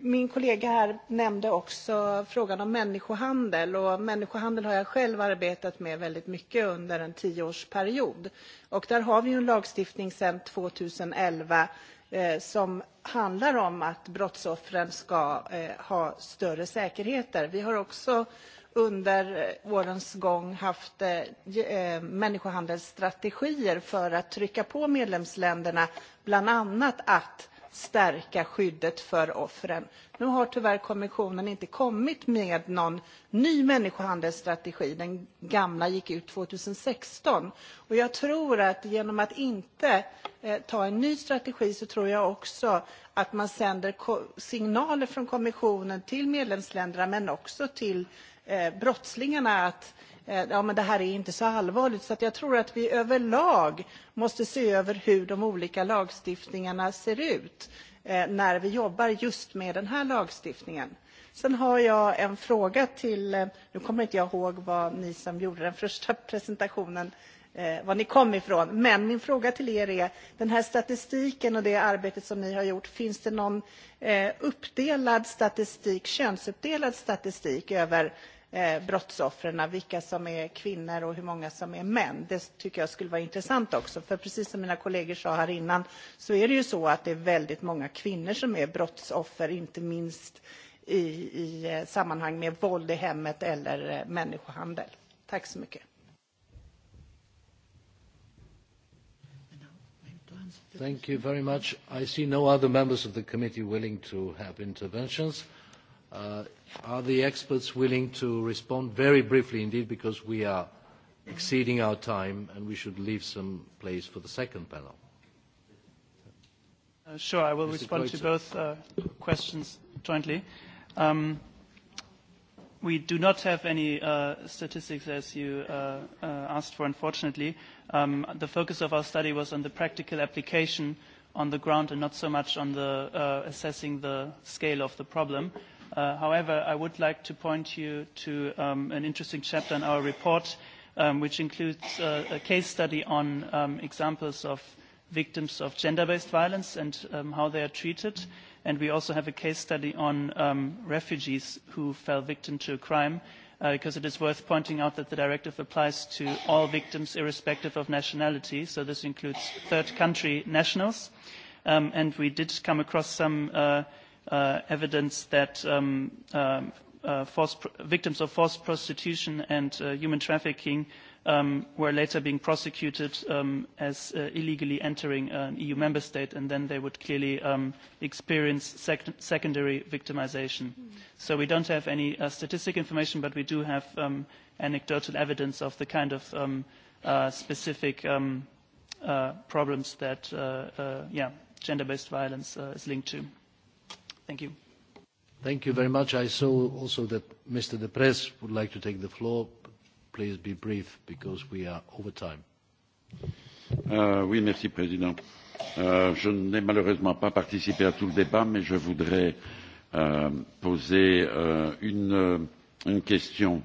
Min kollega här nämnde också frågan om människohandel och människohandel har jag själv arbetat med väldigt mycket under en tioårsperiod. Och där har vi en lagstiftning sedan 2011 eh, som handlar om att brottsoffren ska eh, ha större säkerheter. Vi har också under årens gång haft eh, eh för att trycka på medlemsländerna bland annat att stärka skyddet för offren. Nu har tyvärr kommissionen inte kommit med någon ny människohandelsstrategi. Den gamla gick ut 2016. Och jag tror att genom att inte eh, ta en ny strategi så tror jag också att man sänder signaler från kommissionen till medlemsländerna men också till eh, brottslingarna att Eh, ja, men det här är inte så allvarligt. Så att jag tror att vi överlag måste se över hur de olika lagstiftningarna ser ut eh, när vi jobbar just med den här lagstiftningen. Sen har jag en fråga till, eh, nu kommer inte jag ihåg vad ni som gjorde den första presentationen var ni kom ifrån. Men min fråga till er är, den här statistiken och det arbetet som ni har gjort, finns det någon uppdelad statistik, könsuppdelad statistik över Eh, brottsoffren vilka som är kvinnor och hur många som är män. Det tycker jag skulle vara intressant också. För precis som mina kollegor sa här innan så är det ju så att det är väldigt många kvinnor som är brottsoffer, inte minst i, i eh, sammanhang med våld i hemmet eller eh, människohandel. Tack så mycket. Thank you very much. I see no other members of the committee willing to have interventions. Uh, are the experts willing to respond very briefly indeed because we are exceeding our time and we should leave some place for the second panel? Uh, sure, I will respond to both uh, questions jointly. Um, we do not have any uh, statistics as you asked for, unfortunately. Um, the focus of our study was on the practical application on the ground and not so much on the assessing the scale of the problem. Uh, however, I would like to point you to um, an interesting chapter in our report, um, which includes uh, a case study on um, examples of victims of gender-based violence and um, how they are treated. And we also have a case study on um, refugees who fell victim to a crime, uh, because it is worth pointing out that the directive applies to all victims irrespective of nationality, so this includes third country nationals. Um, and we did come across some uh, Uh, evidence that um, um, uh, forced victims of forced prostitution and uh, human trafficking um, were later being prosecuted as illegally entering an EU member state, and then they would clearly experience secondary victimization. Hmm. So we don't have any statistic information, but we do have anecdotal evidence of the kind of specific problems that yeah, gender-based violence is linked to. Thank you. Thank you very much. I saw also that Mr. Deprez would like to take the floor. Please be brief because we are over time. Euh, oui, merci Président. Euh, je n'ai malheureusement pas participé à tout le débat, mais je voudrais euh, poser euh, une, euh, une question.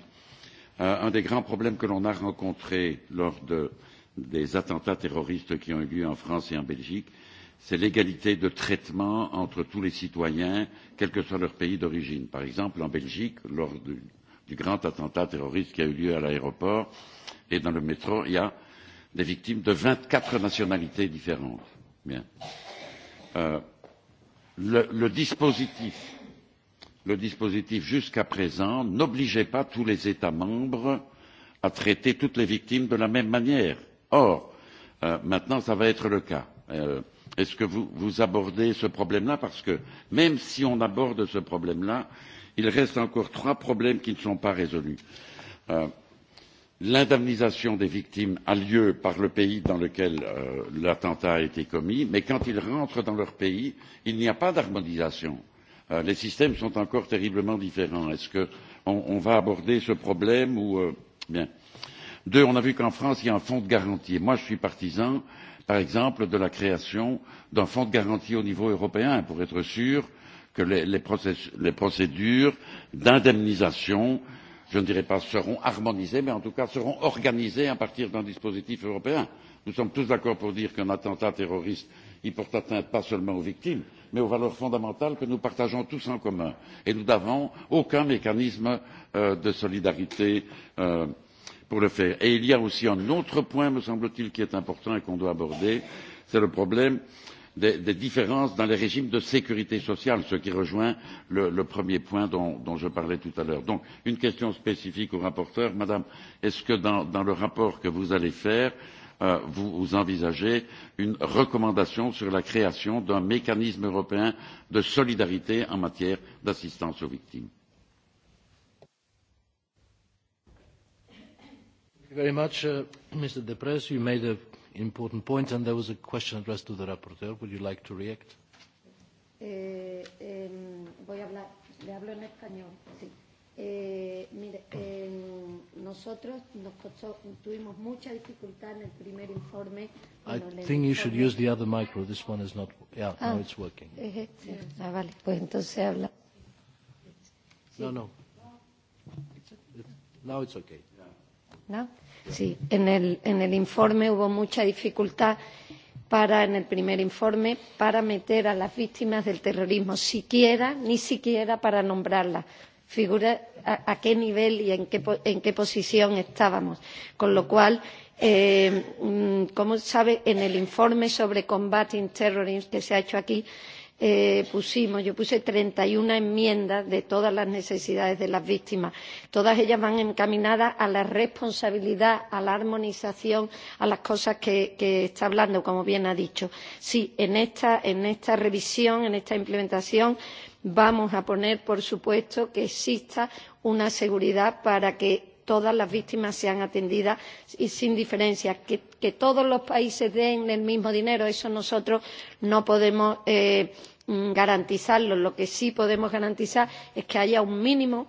Euh, un des grands problèmes que l'on a rencontrés lors de, des attentats terroristes qui ont eu lieu en France et en Belgique, c'est l'égalité de traitement entre tous les citoyens, quel que soit leur pays d'origine. Par exemple, en Belgique, lors du, du grand attentat terroriste qui a eu lieu à l'aéroport et dans le métro, il y a des victimes de 24 nationalités différentes. Bien. Euh, le, le dispositif, le dispositif jusqu'à présent n'obligeait pas tous les États membres à traiter toutes les victimes de la même manière. Or, euh, maintenant, ça va être le cas. Euh, est-ce que vous, vous abordez ce problème-là Parce que même si on aborde ce problème-là, il reste encore trois problèmes qui ne sont pas résolus. Euh, l'indemnisation des victimes a lieu par le pays dans lequel euh, l'attentat a été commis, mais quand ils rentrent dans leur pays, il n'y a pas d'harmonisation. Euh, les systèmes sont encore terriblement différents. Est-ce qu'on va aborder ce problème ou... bien. Deux, on a vu qu'en France, il y a un fonds de garantie. Moi, je suis partisan par exemple de la création d'un fonds de garantie au niveau européen pour être sûr que les, les, les procédures d'indemnisation je ne dirais pas seront harmonisées mais en tout cas seront organisées à partir d'un dispositif européen. nous sommes tous d'accord pour dire qu'un attentat terroriste il porte atteinte pas seulement aux victimes mais aux valeurs fondamentales que nous partageons tous en commun et nous n'avons aucun mécanisme euh, de solidarité euh, pour le faire. Et il y a aussi un autre point, me semble-t-il, qui est important et qu'on doit aborder, c'est le problème des, différences dans les régimes de sécurité sociale, ce qui rejoint le, premier point dont, je parlais tout à l'heure. Donc, une question spécifique au rapporteur. Madame, est-ce que dans, le rapport que vous allez faire, euh, vous envisagez une recommandation sur la création d'un mécanisme européen de solidarité en matière d'assistance aux victimes very much, uh, Mr. Depres. You made an important point, and there was a question addressed to the rapporteur. Would you like to react? I think you should use the other micro. This one is not. Yeah, working. now it's okay. Sí, en el, en el informe hubo mucha dificultad para, en el primer informe, para meter a las víctimas del terrorismo, siquiera, ni siquiera para nombrarlas. Figura a, a qué nivel y en qué, en qué posición estábamos. Con lo cual, eh, mm, como sabe, en el informe sobre combating terrorism que se ha hecho aquí, eh, pusimos yo puse treinta y una enmiendas de todas las necesidades de las víctimas todas ellas van encaminadas a la responsabilidad a la armonización a las cosas que, que está hablando como bien ha dicho. sí en esta, en esta revisión en esta implementación vamos a poner por supuesto que exista una seguridad para que todas las víctimas sean atendidas y sin diferencia que, todos los países den el mismo dinero eso nosotros no podemos eh, mm, garantizarlo lo que sí podemos garantizar es que haya un mínimo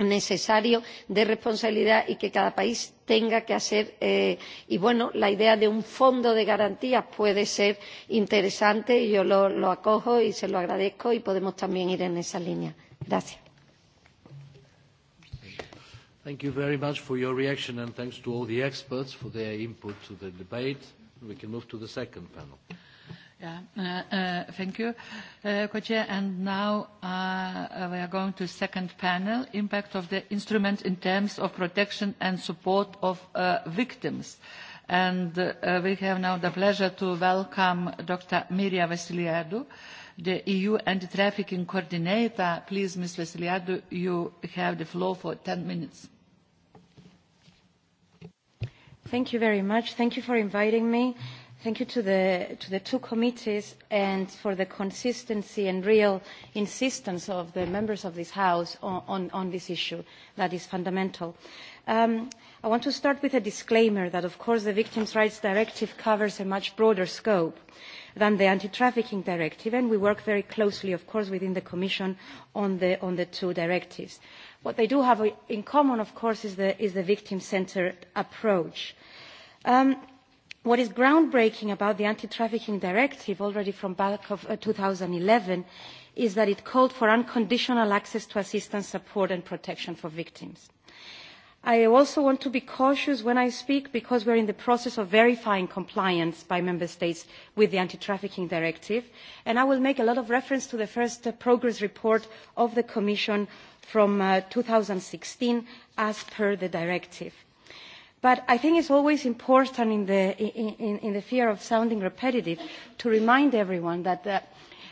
necesario de responsabilidad y que cada país tenga que hacer eh, y bueno la idea de un fondo de garantías puede ser interesante y yo lo, lo acojo y se lo agradezco y podemos también ir en esa línea. gracias. Thank you very much for your reaction and thanks to all the experts for their input to the debate. We can move to the second panel. Yeah, uh, uh, thank you, uh, co And now uh, uh, we are going to second panel, impact of the instrument in terms of protection and support of uh, victims. And uh, we have now the pleasure to welcome Dr. Mirja Vasiliadou, the EU Anti-Trafficking Coordinator. Please, Ms. Vasiliadou, you have the floor for 10 minutes. Thank you very much. Thank you for inviting me. Thank you to the, to the two committees and for the consistency and real insistence of the members of this House on, on, on this issue. That is fundamental. Um, I want to start with a disclaimer that, of course, the Victims' Rights Directive covers a much broader scope than the anti-trafficking directive, and we work very closely, of course, within the Commission on the, on the two directives. What they do have in common, of course, is the, is the victim-centered approach. Um, what is groundbreaking about the anti-trafficking directive already from back of uh, 2011 is that it called for unconditional access to assistance, support and protection for victims. I also want to be cautious when I speak because we are in the process of verifying compliance by member states with the anti-trafficking directive and I will make a lot of reference to the first uh, progress report of the Commission from uh, 2016 as per the directive. But I think it is always important in the, in, in the fear of sounding repetitive to remind everyone that,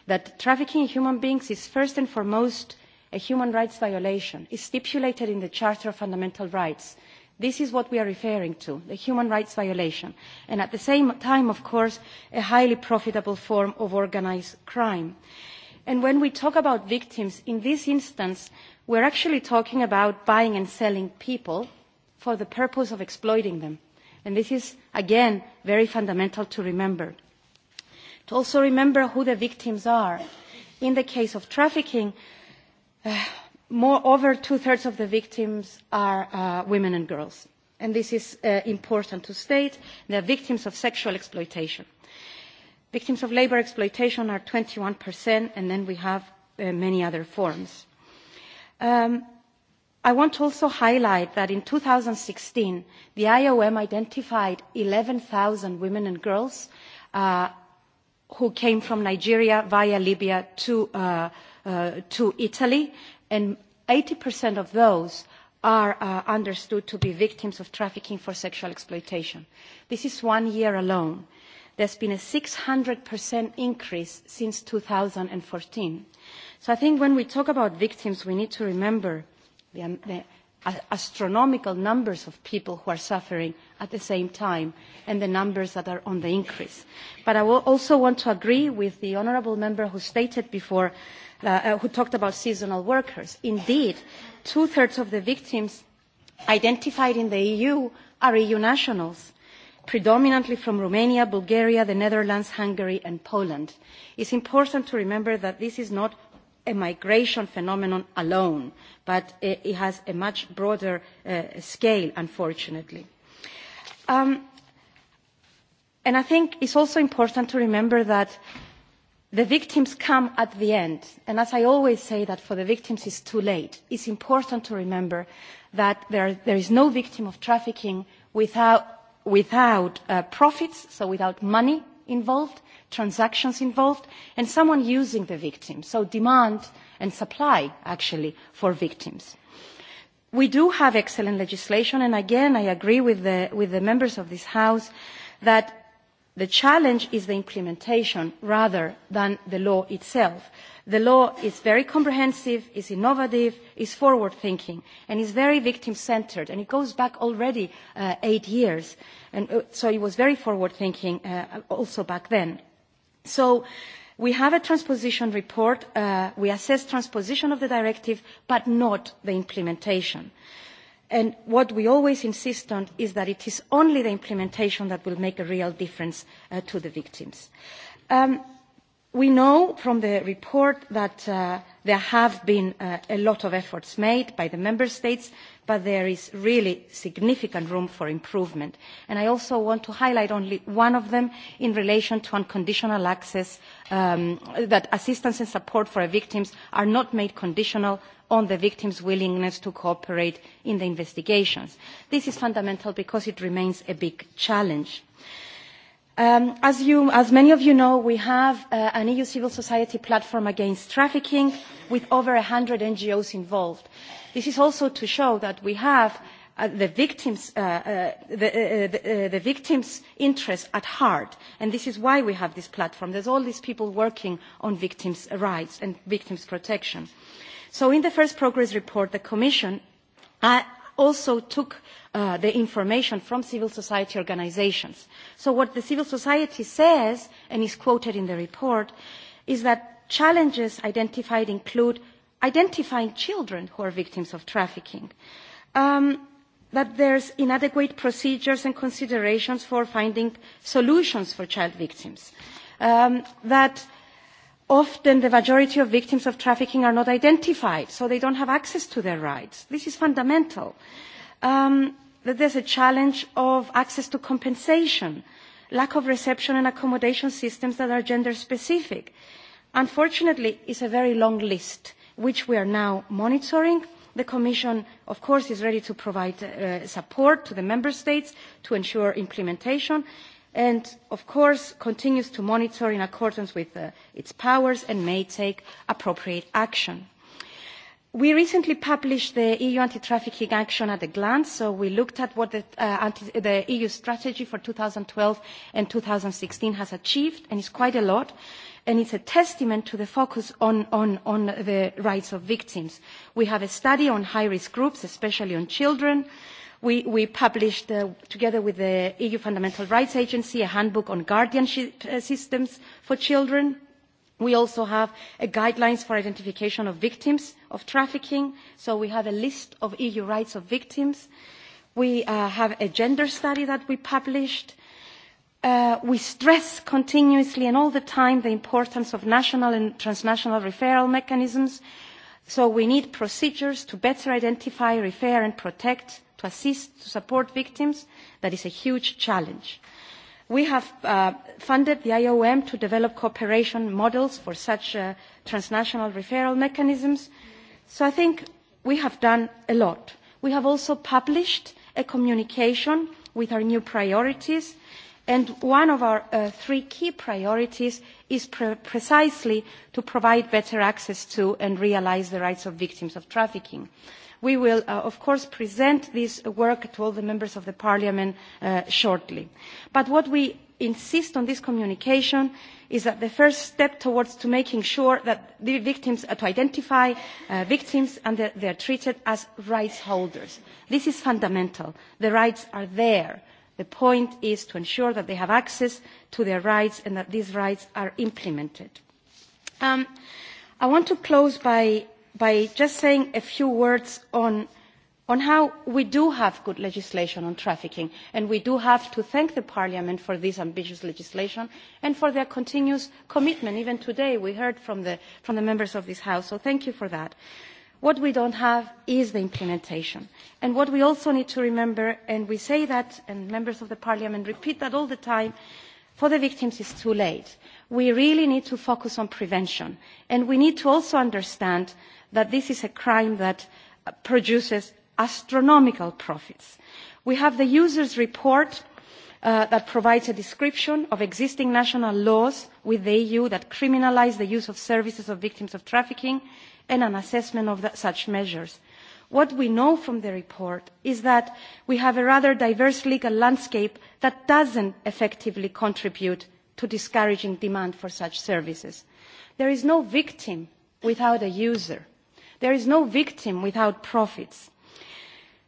that trafficking in human beings is first and foremost a human rights violation. is stipulated in the Charter of Fundamental Rights. This is what we are referring to, the human rights violation. And at the same time, of course, a highly profitable form of organized crime. And when we talk about victims, in this instance, we're actually talking about buying and selling people for the purpose of exploiting them. And this is, again, very fundamental to remember. To also remember who the victims are. In the case of trafficking, uh, more over two-thirds of the victims are uh, women and girls. And this is uh, important to state. They are victims of sexual exploitation. Victims of labor exploitation are 21%, and then we have uh, many other forms Um, I want to also highlight that in 2016, the IOM identified 11,000 women and girls uh, who came from Nigeria via Libya to, uh, uh, Italy, and 80% of those are understood to be victims of trafficking for sexual exploitation. This is one year alone. There's been a 600% increase since 2014. So I think when we talk about victims, we need to remember the, um, the astronomical numbers of people who are suffering at the same time and the numbers that are on the increase. But I will also want to agree with the honourable member who stated before, uh, uh, who talked about seasonal workers. Indeed, two-thirds of the victims identified in the EU are EU nationals predominantly from Romania, Bulgaria, the Netherlands, Hungary and Poland. It's important to remember that this is not a migration phenomenon alone, but it has a much broader uh, scale, unfortunately. Um, and I think it's also important to remember that the victims come at the end. And as I always say that for the victims it's too late, it's important to remember that there, there is no victim of trafficking without, without uh, profits, so without money involved, transactions involved, and someone using the victim. So demand and supply, actually, for victims. We do have excellent legislation, and again, I agree with the, with the members of this House that the challenge is the implementation rather than the law itself The law is very comprehensive, is innovative, is forward thinking and is very victim centred and it goes back already uh, eight years and uh, so it was very forward thinking uh, also back then. So we have a transposition report, we assess transposition of the directive but not the implementation. And what we always insist on is that it is only the implementation that will make a real difference to the victims. Um, we know from the report that uh, there have been uh, a lot of efforts made by the member states but there is really significant room for improvement and i also want to highlight only one of them in relation to unconditional access um, that assistance and support for victims are not made conditional on the victim's willingness to cooperate in the investigations. this is fundamental because it remains a big challenge. Um, as, you, as many of you know, we have uh, an EU civil society platform against trafficking with over 100 NGOs involved. This is also to show that we have uh, the victims' uh, interests at heart, and this is why we have this platform. There's all these people working on victims' rights and victims' protection. So, in the first progress report, the Commission also took uh, the information from civil society organizations. So what the civil society says, and is quoted in the report, is that challenges identified include identifying children who are victims of trafficking, um, that there's inadequate procedures and considerations for finding solutions for child victims, um, that often the majority of victims of trafficking are not identified so they don't have access to their rights this is fundamental um that there's a challenge of access to compensation lack of reception and accommodation systems that are gender specific unfortunately it's a very long list which we are now monitoring the commission of course is ready to provide uh, support to the member states to ensure implementation and of course continues to monitor in accordance with uh, its powers and may take appropriate action. We recently published the EU anti-trafficking action at a glance, so we looked at what the, uh, EU e strategy for 2012 and 2016 has achieved, and it's quite a lot, and it's a testament to the focus on, on, on the rights of victims. We have a study on high-risk groups, especially on children, We, we published, together with the EU Fundamental Rights Agency, a handbook on guardianship uh, systems for children. We also have a guidelines for identification of victims of trafficking, so we have a list of EU rights of victims. We uh, have a gender study that we published. Uh, we stress continuously and all the time the importance of national and transnational referral mechanisms so we need procedures to better identify refer and protect to assist to support victims that is a huge challenge we have uh, funded the iom to develop cooperation models for such uh, transnational referral mechanisms so i think we have done a lot we have also published a communication with our new priorities and one of our uh, three key priorities is precisely to provide better access to and realize the rights of victims of trafficking. we will uh, of course present this work to all the members of the parliament uh, shortly but what we insist on this communication is that the first step towards to making sure that the victims are to identify victims and that they are treated as rights holders. This is fundamental. The rights are there the point is to ensure that they have access to their rights and that these rights are implemented. Um, i want to close by, by just saying a few words on, on how we do have good legislation on trafficking and we do have to thank the parliament for this ambitious legislation and for their continuous commitment. even today we heard from the, from the members of this house so thank you for that. What we don't have is the implementation. And what we also need to remember, and we say that, and members of the parliament repeat that all the time, for the victims it's too late. We really need to focus on prevention. And we need to also understand that this is a crime that produces astronomical profits. We have the users' report uh, that provides a description of existing national laws with the EU that criminalise the use of services of victims of trafficking and an assessment of such measures. What we know from the report is that we have a rather diverse legal landscape that doesn't effectively contribute to discouraging demand for such services. There is no victim without a user. There is no victim without profits.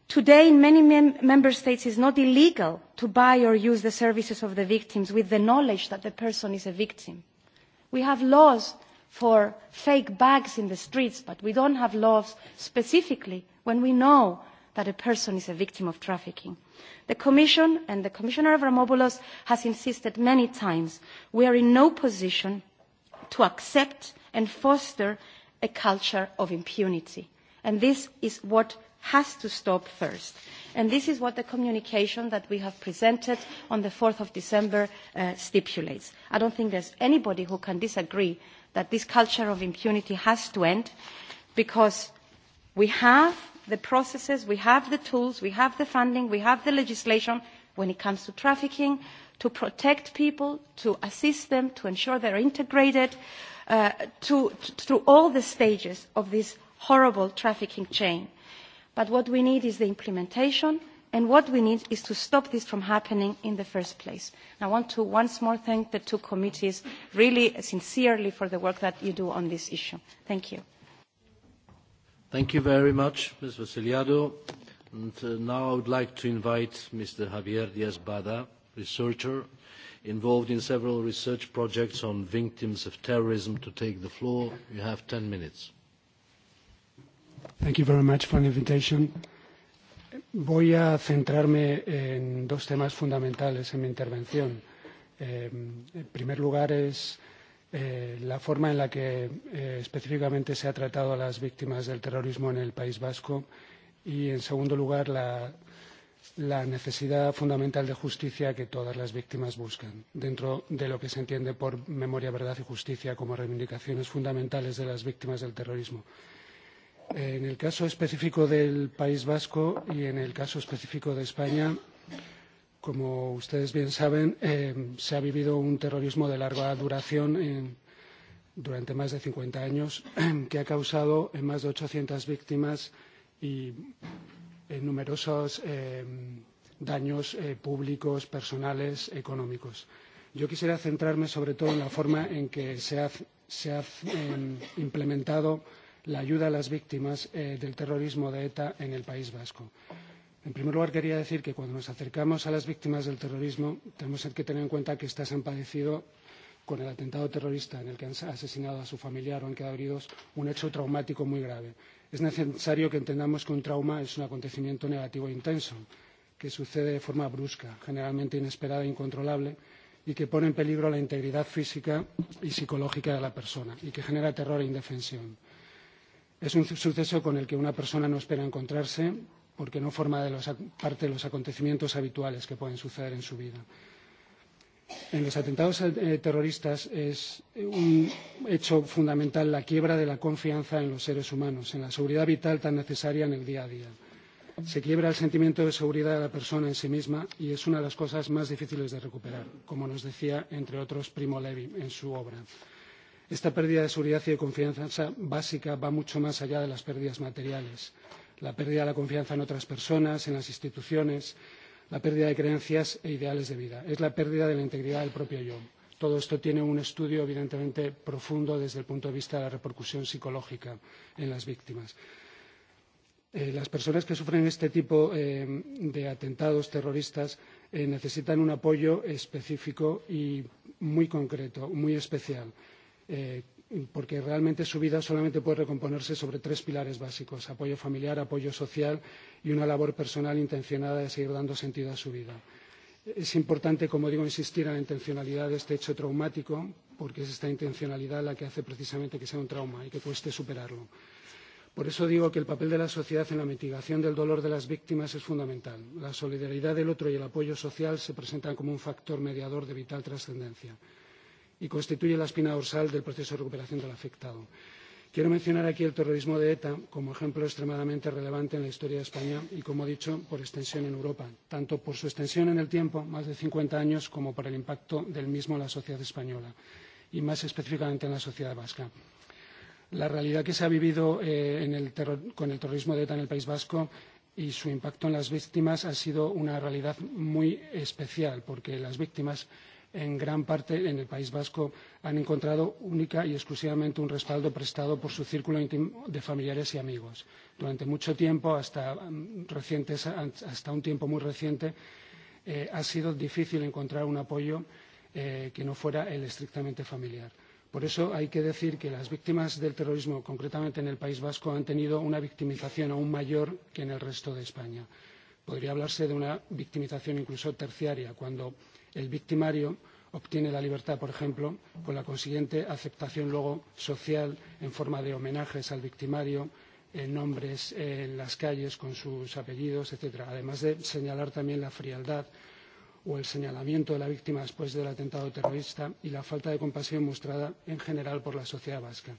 Today, in many mem member states, it is not illegal to buy or use the services of the victims with the knowledge that the person is a victim. We have laws for fake bags in the streets but we don't have laws specifically when we know that a person is a victim of trafficking. the commission and the commissioner avramopoulos has insisted many times we are in no position to accept and foster a culture of impunity and this is what has to stop first and this is what the communication that we have presented on the 4th of december uh, stipulates i don't think there's anybody who can disagree that this culture of impunity has to end because we have the processes, we have the tools, we have the funding, we have the legislation when it comes to trafficking, to protect people, to assist them, to ensure they're integrated, uh, to, to, through all the stages of this horrible trafficking chain. But what we need is the implementation, and what we need is to stop this from happening in the first place. i want to once more thank the two committees really sincerely for the work that you do on this issue. thank you. thank you very much ms vassiliadou. And, uh, now i would like to invite mr javier diaz bada researcher involved in several research projects on victims of terrorism to take the floor. you have 10 minutes. thank you very much for the invitation. Voy a centrarme en dos temas fundamentales en mi intervención. Eh, en primer lugar, es eh, la forma en la que eh, específicamente se ha tratado a las víctimas del terrorismo en el País Vasco y, en segundo lugar, la necesidad fundamental de justicia que todas las víctimas buscan, dentro de lo que se entiende por memoria, verdad y justicia como reivindicaciones fundamentales de las víctimas del terrorismo En el caso específico del País Vasco y en el caso específico de España, como ustedes bien saben, eh, se ha vivido un terrorismo de larga duración en, durante más de 50 años que ha causado en más de 800 víctimas y en numerosos eh, daños eh, públicos, personales, económicos. Yo quisiera centrarme sobre todo en la forma en que se ha, se ha implementado la ayuda a las víctimas eh, del terrorismo de ETA en el País Vasco. En primer lugar, quería decir que cuando nos acercamos a las víctimas del terrorismo tenemos que tener en cuenta que estas han padecido con el atentado terrorista en el que han asesinado a su familiar o han quedado heridos un hecho traumático muy grave. Es necesario que entendamos que un trauma es un acontecimiento negativo e intenso, que sucede de forma brusca, generalmente inesperada e incontrolable, y que pone en peligro la integridad física y psicológica de la persona, y que genera terror e indefensión Es un suceso con el que una persona no espera encontrarse porque no forma de los, parte de los acontecimientos habituales que pueden suceder en su vida. En los atentados eh, terroristas es un hecho fundamental la quiebra de la confianza en los seres humanos, en la seguridad vital tan necesaria en el día a día. Se quiebra el sentimiento de seguridad de la persona en sí misma y es una de las cosas más difíciles de recuperar, como nos decía, entre otros, Primo Levi en su obra esta pérdida de seguridad y de confianza básica va mucho más allá de las pérdidas materiales la pérdida de la confianza en otras personas en las instituciones la pérdida de creencias e ideales de vida es la pérdida de la integridad del propio yo. todo esto tiene un estudio evidentemente profundo desde el punto de vista de la repercusión psicológica en las víctimas. Eh, las personas que sufren este tipo eh, de atentados terroristas eh, necesitan un apoyo específico y muy concreto muy especial. Eh, porque realmente su vida solamente puede recomponerse sobre tres pilares básicos apoyo familiar, apoyo social y una labor personal intencionada de seguir dando sentido a su vida. Es importante, como digo, insistir en la intencionalidad de este hecho traumático, porque es esta intencionalidad la que hace precisamente que sea un trauma y que cueste superarlo. Por eso digo que el papel de la sociedad en la mitigación del dolor de las víctimas es fundamental. La solidaridad del otro y el apoyo social se presentan como un factor mediador de vital trascendencia y constituye la espina dorsal del proceso de recuperación del afectado. Quiero mencionar aquí el terrorismo de ETA como ejemplo extremadamente relevante en la historia de España y, como he dicho, por extensión en Europa, tanto por su extensión en el tiempo, más de 50 años, como por el impacto del mismo en la sociedad española y más específicamente en la sociedad vasca. La realidad que se ha vivido eh, en el con el terrorismo de ETA en el País Vasco y su impacto en las víctimas ha sido una realidad muy especial, porque las víctimas en gran parte en el País Vasco han encontrado única y exclusivamente un respaldo prestado por su círculo íntimo de familiares y amigos. Durante mucho tiempo, hasta, mm, recientes, hasta un tiempo muy reciente, eh, ha sido difícil encontrar un apoyo eh, que no fuera el estrictamente familiar. Por eso hay que decir que las víctimas del terrorismo, concretamente en el País Vasco, han tenido una victimización aún mayor que en el resto de España. Podría hablarse de una victimización incluso terciaria, cuando el victimario obtiene la libertad, por ejemplo, con la consiguiente aceptación luego social en forma de homenajes al victimario, en nombres en las calles con sus apellidos, etc. Además de señalar también la frialdad o el señalamiento de la víctima después del atentado terrorista y la falta de compasión mostrada en general por la sociedad vasca,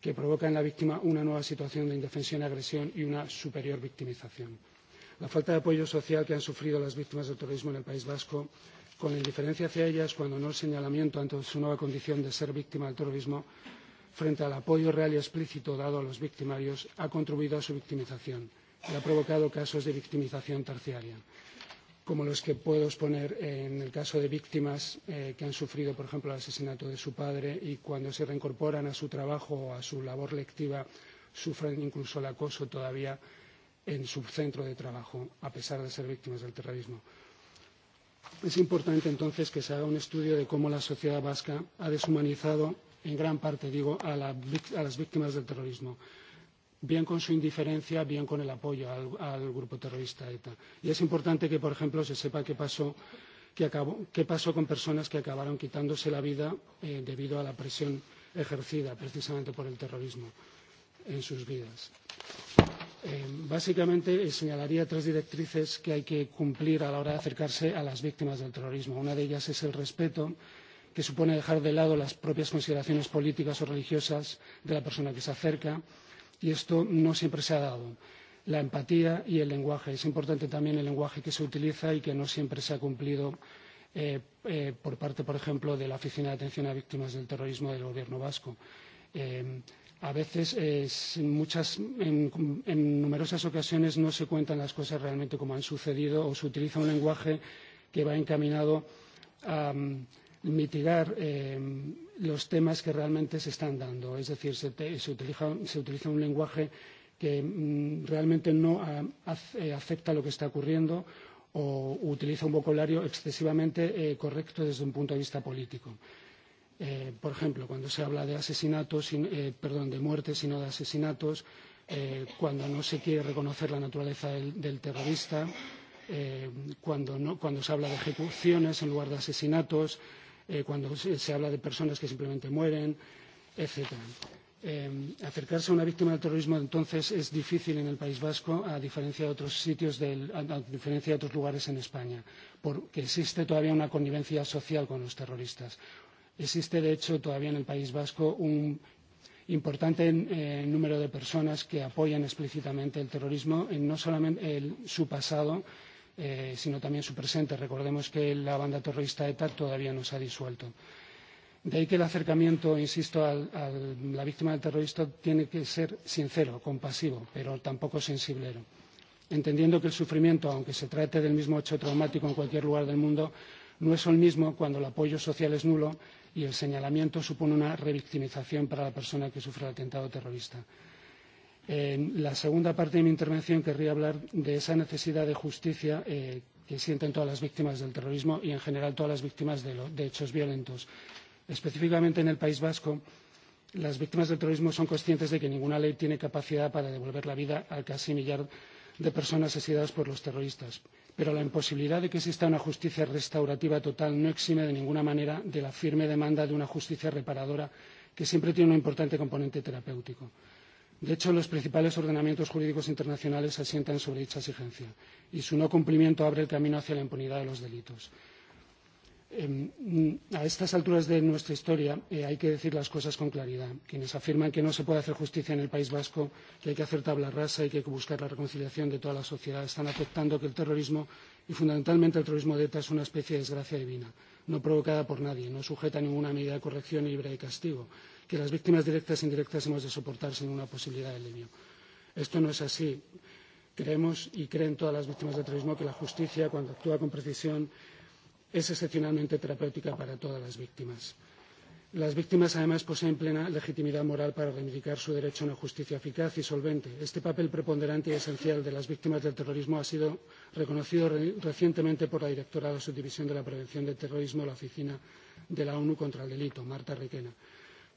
que provoca en la víctima una nueva situación de indefensión y agresión y una superior victimización la falta de apoyo social que han sufrido las víctimas del terrorismo en el país vasco con la indiferencia hacia ellas cuando no el señalamiento ante su nueva condición de ser víctima del terrorismo frente al apoyo real y explícito dado a los victimarios ha contribuido a su victimización y ha provocado casos de victimización terciaria como los que puedo exponer en el caso de víctimas eh, que han sufrido por ejemplo el asesinato de su padre y cuando se reincorporan a su trabajo o a su labor lectiva sufren incluso el acoso todavía en su centro de trabajo, a pesar de ser víctimas del terrorismo. Es importante, entonces, que se haga un estudio de cómo la sociedad vasca ha deshumanizado, en gran parte, digo, a, las víctimas del terrorismo, bien con su indiferencia, bien con el apoyo al, grupo terrorista ETA. Y es importante que, por ejemplo, se sepa qué pasó acabó, qué pasó con personas que acabaron quitándose la vida eh, debido a la presión ejercida precisamente por el terrorismo en sus vidas. Eh, básicamente eh, señalaría tres directrices que hay que cumplir a la hora de acercarse a las víctimas del terrorismo. una de ellas es el respeto que supone dejar de lado las propias consideraciones políticas o religiosas de la persona que se acerca y esto no siempre se ha dado. la empatía y el lenguaje es importante también el lenguaje que se utiliza y que no siempre se ha cumplido eh, eh por parte por ejemplo de la oficina de atención a víctimas del terrorismo del gobierno vasco. Eh, a veces, es, muchas, en, en numerosas ocasiones, no se cuentan las cosas realmente como han sucedido o se utiliza un lenguaje que va encaminado a mm, mitigar eh, los temas que realmente se están dando. Es decir, se, te, se, utiliza, se utiliza un lenguaje que mm, realmente no a, eh, a, lo que está ocurriendo o utiliza un vocabulario excesivamente eh, correcto desde un punto de vista político eh, por ejemplo cuando se habla de asesinatos eh, perdón de muertes sino de asesinatos eh, cuando no se quiere reconocer la naturaleza del, del terrorista eh, cuando, no, cuando se habla de ejecuciones en lugar de asesinatos eh, cuando se, se habla de personas que simplemente mueren etc. Eh, acercarse a una víctima del terrorismo entonces es difícil en el país vasco a diferencia de otros sitios del, a, a diferencia de otros lugares en españa porque existe todavía una connivencia social con los terroristas Existe, de hecho, todavía en el País Vasco un importante eh, número de personas que apoyan explícitamente el terrorismo, en no solamente el, su pasado, eh, sino también su presente. Recordemos que la banda terrorista ETA todavía no se ha disuelto. De ahí que el acercamiento, insisto, a la víctima del terrorista tiene que ser sincero, compasivo, pero tampoco sensiblero. Entendiendo que el sufrimiento, aunque se trate del mismo hecho traumático en cualquier lugar del mundo, no es el mismo cuando el apoyo social es nulo y el señalamiento supone una revictimización para la persona que sufre el atentado terrorista. En la segunda parte de mi intervención querría hablar de esa necesidad de justicia eh, que sienten todas las víctimas del terrorismo y en general todas las víctimas de, de hechos violentos. Específicamente en el País Vasco, las víctimas del terrorismo son conscientes de que ninguna ley tiene capacidad para devolver la vida al casi millar de personas asesinadas por los terroristas pero la imposibilidad de que exista una justicia restaurativa total no exime de ninguna manera de la firme demanda de una justicia reparadora que siempre tiene un importante componente terapéutico. De hecho, los principales ordenamientos jurídicos internacionales se asientan sobre dicha exigencia y su no cumplimiento abre el camino hacia la impunidad de los delitos a estas alturas de nuestra historia eh, hay que decir las cosas con claridad. Quienes afirman que no se puede hacer justicia en el País Vasco, que hay que hacer tabla rasa y que hay que buscar la reconciliación de toda la sociedad, están aceptando que el terrorismo y fundamentalmente el terrorismo de ETA es una especie de desgracia divina, no provocada por nadie, no sujeta a ninguna medida de corrección libre de castigo, que las víctimas directas e indirectas hemos de soportar sin una posibilidad de alivio. Esto no es así. Creemos y creen todas las víctimas del terrorismo que la justicia, cuando actúa con precisión, es excepcionalmente terapéutica para todas las víctimas. Las víctimas, además, poseen plena legitimidad moral para reivindicar su derecho a una justicia eficaz y solvente. Este papel preponderante y esencial de las víctimas del terrorismo ha sido reconocido re recientemente por la directora de la Subdivisión de la Prevención del Terrorismo la Oficina de la ONU contra el Delito, Marta Requena.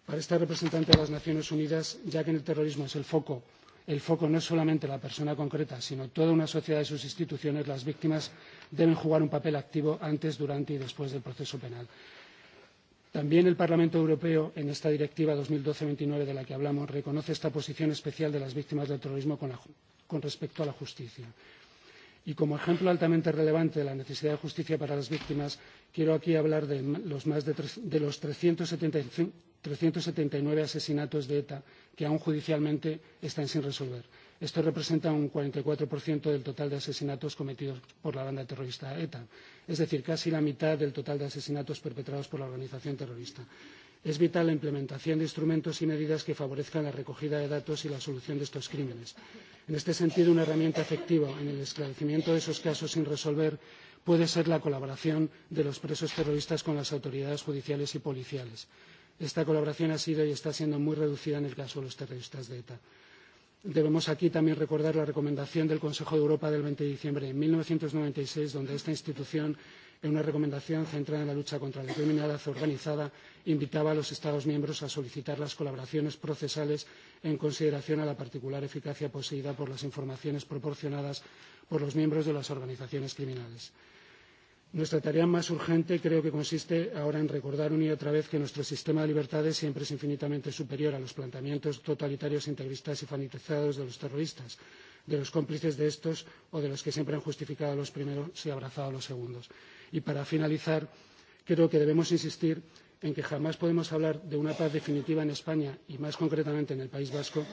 Para esta representante de las Naciones Unidas, ya que en el terrorismo es el foco el foco no es solamente la persona concreta sino toda una sociedad y sus instituciones las víctimas deben jugar un papel activo antes durante y después del proceso penal. también el parlamento europeo en esta directiva dos mil doce de la que hablamos reconoce esta posición especial de las víctimas del terrorismo con, respecto a la justicia. y como ejemplo altamente relevante de la necesidad de justicia para las víctimas quiero aquí hablar de los más de, de los trescientos setenta y 379 asesinatos de ETA que aún judicialmente están sin resolver. Esto representa un 44% del total de asesinatos cometidos por la banda terrorista ETA, es decir, casi la mitad del total de asesinatos perpetrados por la organización terrorista. Es vital la implementación de instrumentos y medidas que favorezcan la recogida de datos y la solución de estos crímenes. En este sentido, una herramienta efectiva en el esclarecimiento de esos casos sin resolver puede ser la colaboración de los presos terroristas con las autoridades judiciales y policiales esta colaboración ha sido y está siendo muy reducida en el caso de los terroristas de ETA. Debemos aquí también recordar la recomendación del Consejo de Europa del 20 de diciembre de 1996, donde esta institución, en una recomendación centrada en la lucha contra la criminalidad organizada, invitaba a los Estados miembros a solicitar las colaboraciones procesales en consideración a la particular eficacia poseída por las informaciones proporcionadas por los miembros de las organizaciones criminales. Nuestra tarea más urgente creo que consiste ahora en recordar una y otra vez que nuestro sistema de libertades siempre es infinitamente superior a los planteamientos totalitarios, integristas y fanatizados de los terroristas, de los cómplices de estos o de los que siempre han justificado a los primeros y abrazado a los segundos. Y para finalizar, creo que debemos insistir en que jamás podemos hablar de una paz definitiva en España y más concretamente en el País Vasco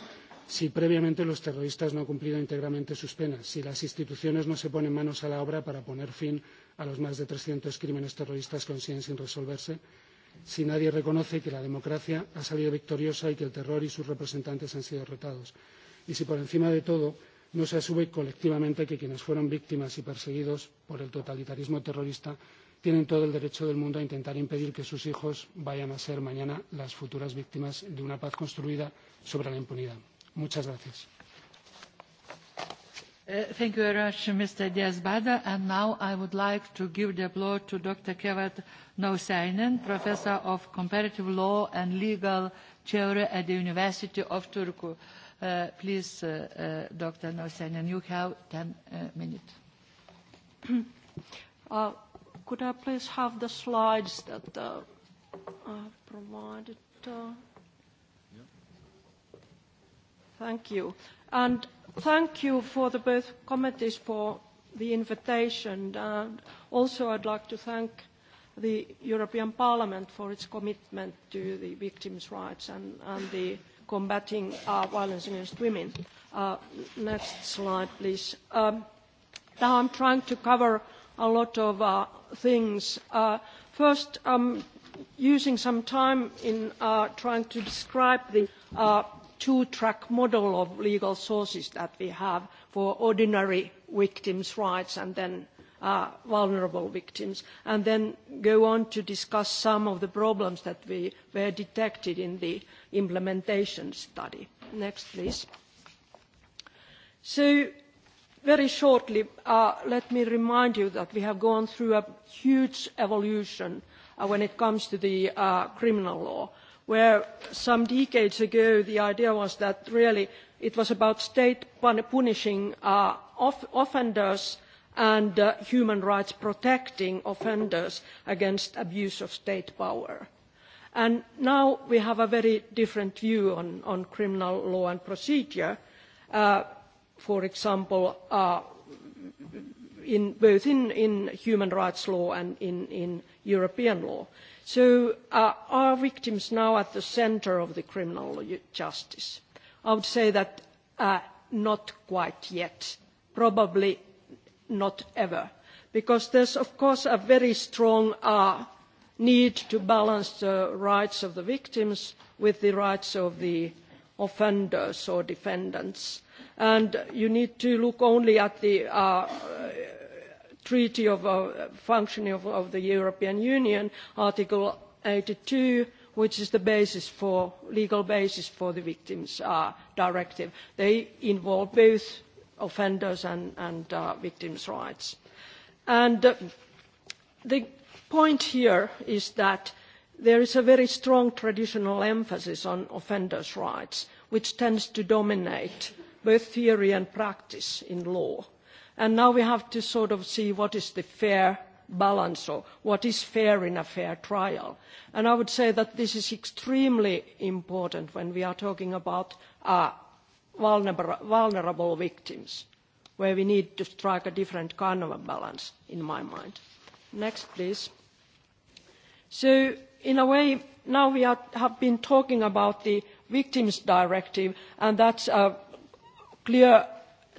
si previamente los terroristas no han cumplido íntegramente sus penas, si las instituciones no se ponen manos a la obra para poner fin a los más de 300 crímenes terroristas que siguen sin resolverse, si nadie reconoce que la democracia ha salido victoriosa y que el terror y sus representantes han sido derrotados, y si por encima de todo no se asume colectivamente que quienes fueron víctimas y perseguidos por el totalitarismo terrorista tienen todo el derecho del mundo a intentar impedir que sus hijos vayan a ser mañana las futuras víctimas de una paz construida sobre la impunidad. Muchas gracias. Uh, thank you very much, Mr. Diaz-Bada. And now I would like to give the floor to Dr. Kevat Nousainen, Professor of Comparative Law and Legal Theory at the University of Turku. Uh, please, uh, Dr. Nousainen, you have 10 minutes. Could I please have the slides that are provided? Thank you. And thank you for the both committees for the invitation. And also, I'd like to thank the European Parliament for its commitment to the victims' rights and, and the combating uh, violence against women. Uh, next slide, please. Um, now I'm trying to cover a lot of uh, things. Uh, first, um, using some time in uh, trying to describe the uh, two track model of legal sources that we have for ordinary victims' rights and then uh, vulnerable victims, and then go on to discuss some of the problems that we were detected in the implementation study. Next, please. So, very shortly, uh, let me remind you that we have gone through a huge evolution uh, when it comes to the criminal law where some decades ago the idea was that really it was about state punishing uh, offenders and uh, human rights protecting offenders against abuse of state power. And now we have a very different view on, on criminal law and procedure. Uh, for example, in both in, in human rights law and in, in European law. So uh, are victims now at the centre of the criminal justice? I would say that uh, not quite yet, probably not ever, because there's of course a very strong uh, need to balance the rights of the victims with the rights of the offenders or defendants and you need to look only at the uh, treaty of uh, functioning of, the european union article eighty two which is the basis for, legal basis for the victims uh, directive. they involve both offenders and, uh, victims' rights. And, the point here is that there is a very strong traditional emphasis on offenders' rights which tends to dominate both theory and practice in law and now we have to sort of see what is the fair balance or what is fair in a fair trial. And I would say that this is extremely important when we are talking about uh, vulnerable, victims, where we need to strike a different kind of a balance, in my mind. Next, please. So, in a way, now we have been talking about the Victims Directive, and that's a clear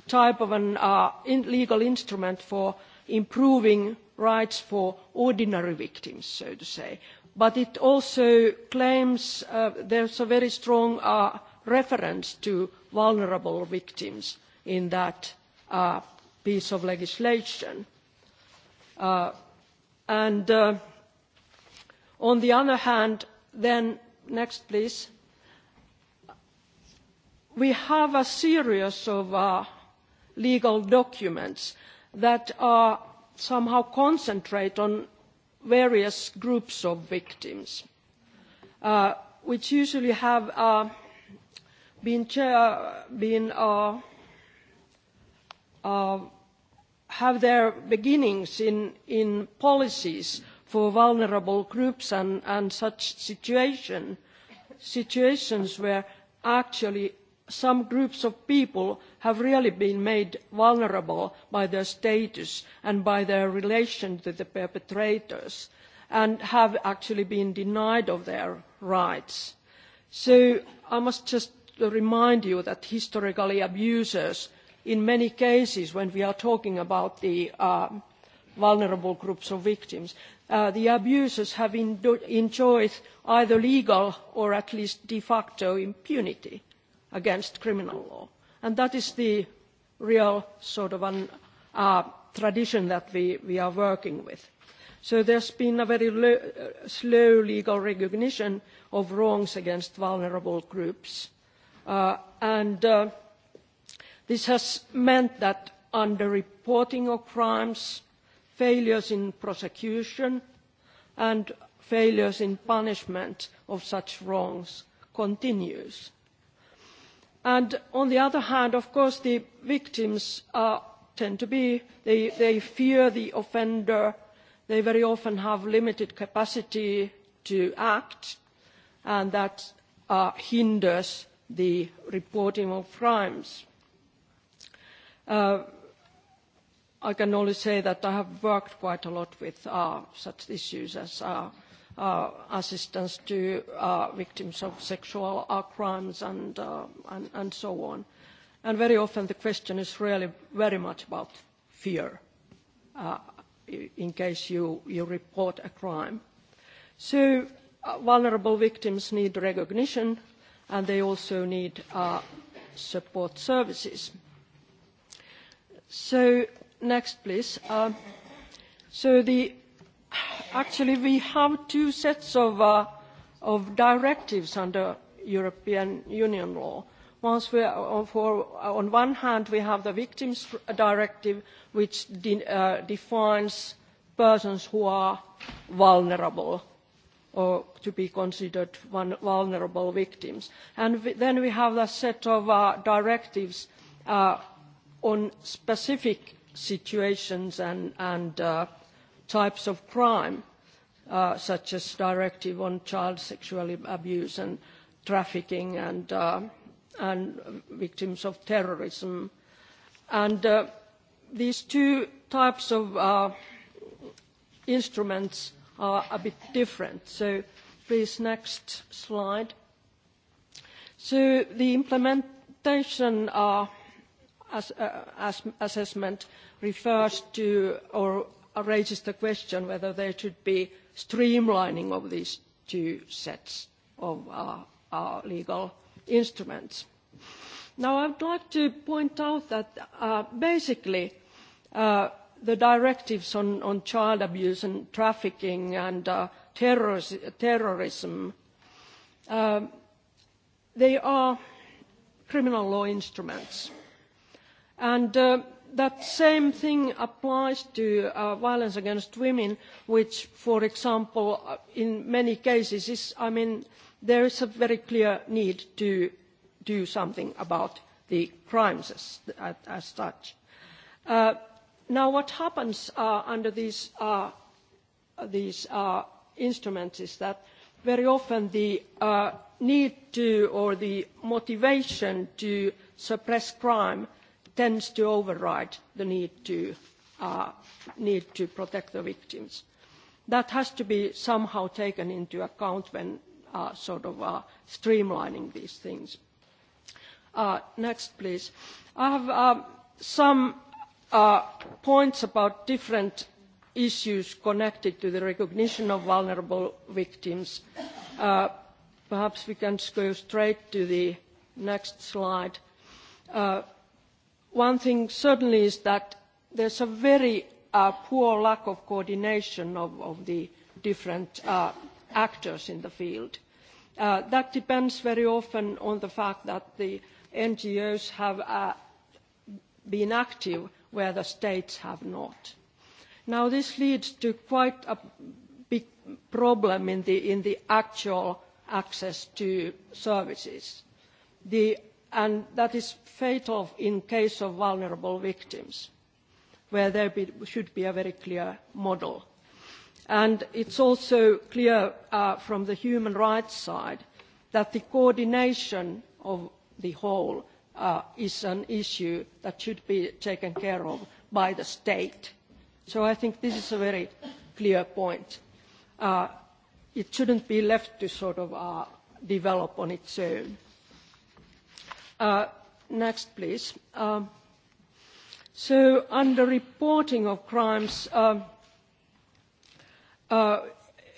type of an uh, legal instrument for improving rights for ordinary victims so to say but it also claims uh, there's there a very strong uh, reference to vulnerable victims in that piece of legislation. And, on the other hand then next please we have a series of legal documents that somehow concentrate on various groups of victims uh, which usually have uh, been, uh, uh, have their beginnings in, in policies for vulnerable groups and, and such situation, situations where actually some groups of people have really been made vulnerable by their status and by their relation to the perpetrators and have actually been denied of their rights. so i must just remind you that historically abusers in many cases when we are talking about the um, vulnerable groups of victims uh, the abusers have enjoyed either legal or at least de facto impunity against criminal law. And that is the real sort of tradition that we, are working with. So there's been a very uh, slow legal recognition of wrongs against vulnerable groups. Uh, and uh, this has meant that underreporting of crimes, failures in prosecution and failures in punishment of such wrongs continues and on the other hand of course the victims tend to be they, fear the offender they very often have limited capacity to act and that uh, hinders the reporting of crimes. Uh, I can only say that I have worked quite a lot with uh, such issues as Uh, assistance to uh, victims of sexual uh, crimes and, so on. And very often the question is really very much about fear in case you, you report a crime. So vulnerable victims need recognition and they also need support services. So next please. So the actually we have two sets uh, of, directives under European Union law. Once we, uh, uh, on one hand, we have the Victims Directive, which defines persons who are vulnerable or to be considered vulnerable victims. And we, then we have a set of directives on specific situations and, and types of crime uh, such as directive on child sexual abuse and trafficking and, uh, and victims of terrorism. And uh, these two types of instruments are a bit different. So please, next slide. So the implementation as, assessment refers to or raises the question whether there should be streamlining of these two sets of legal instruments. Now I would like to point out that uh, basically uh, the directives on child abuse and trafficking and uh, terrorism, um, they are criminal law instruments. And that same thing applies to uh, violence against women, which, for example, uh, in many cases is, I mean, there is a very clear need to do something about the crimes as, such. Uh, now, what happens under these, these instruments is that very often the need to or the motivation to suppress crime tends to override the need to, uh, need to protect the victims. That has to be somehow taken into account when uh, sort of uh, streamlining these things. Next, please. I have um, some points about different issues connected to the recognition of vulnerable victims. Perhaps we can go straight to the next slide one thing certainly is that there is a very uh, poor lack of coordination of, the different uh, actors in the field. Uh, that depends very often on the fact that the ngos have been active where the states have not. now this leads to quite a big problem in the, in the actual access to services. the and that is fatal in case of vulnerable victims where there should be a very clear model. And it's also clear uh, from the human rights side that the coordination of the whole uh, is an issue that should be taken care of by the state. So I think this is a very clear point. Uh, it shouldn't be left to sort of uh, develop on its own Uh, next, please. Um, so under reporting of crimes, um, uh,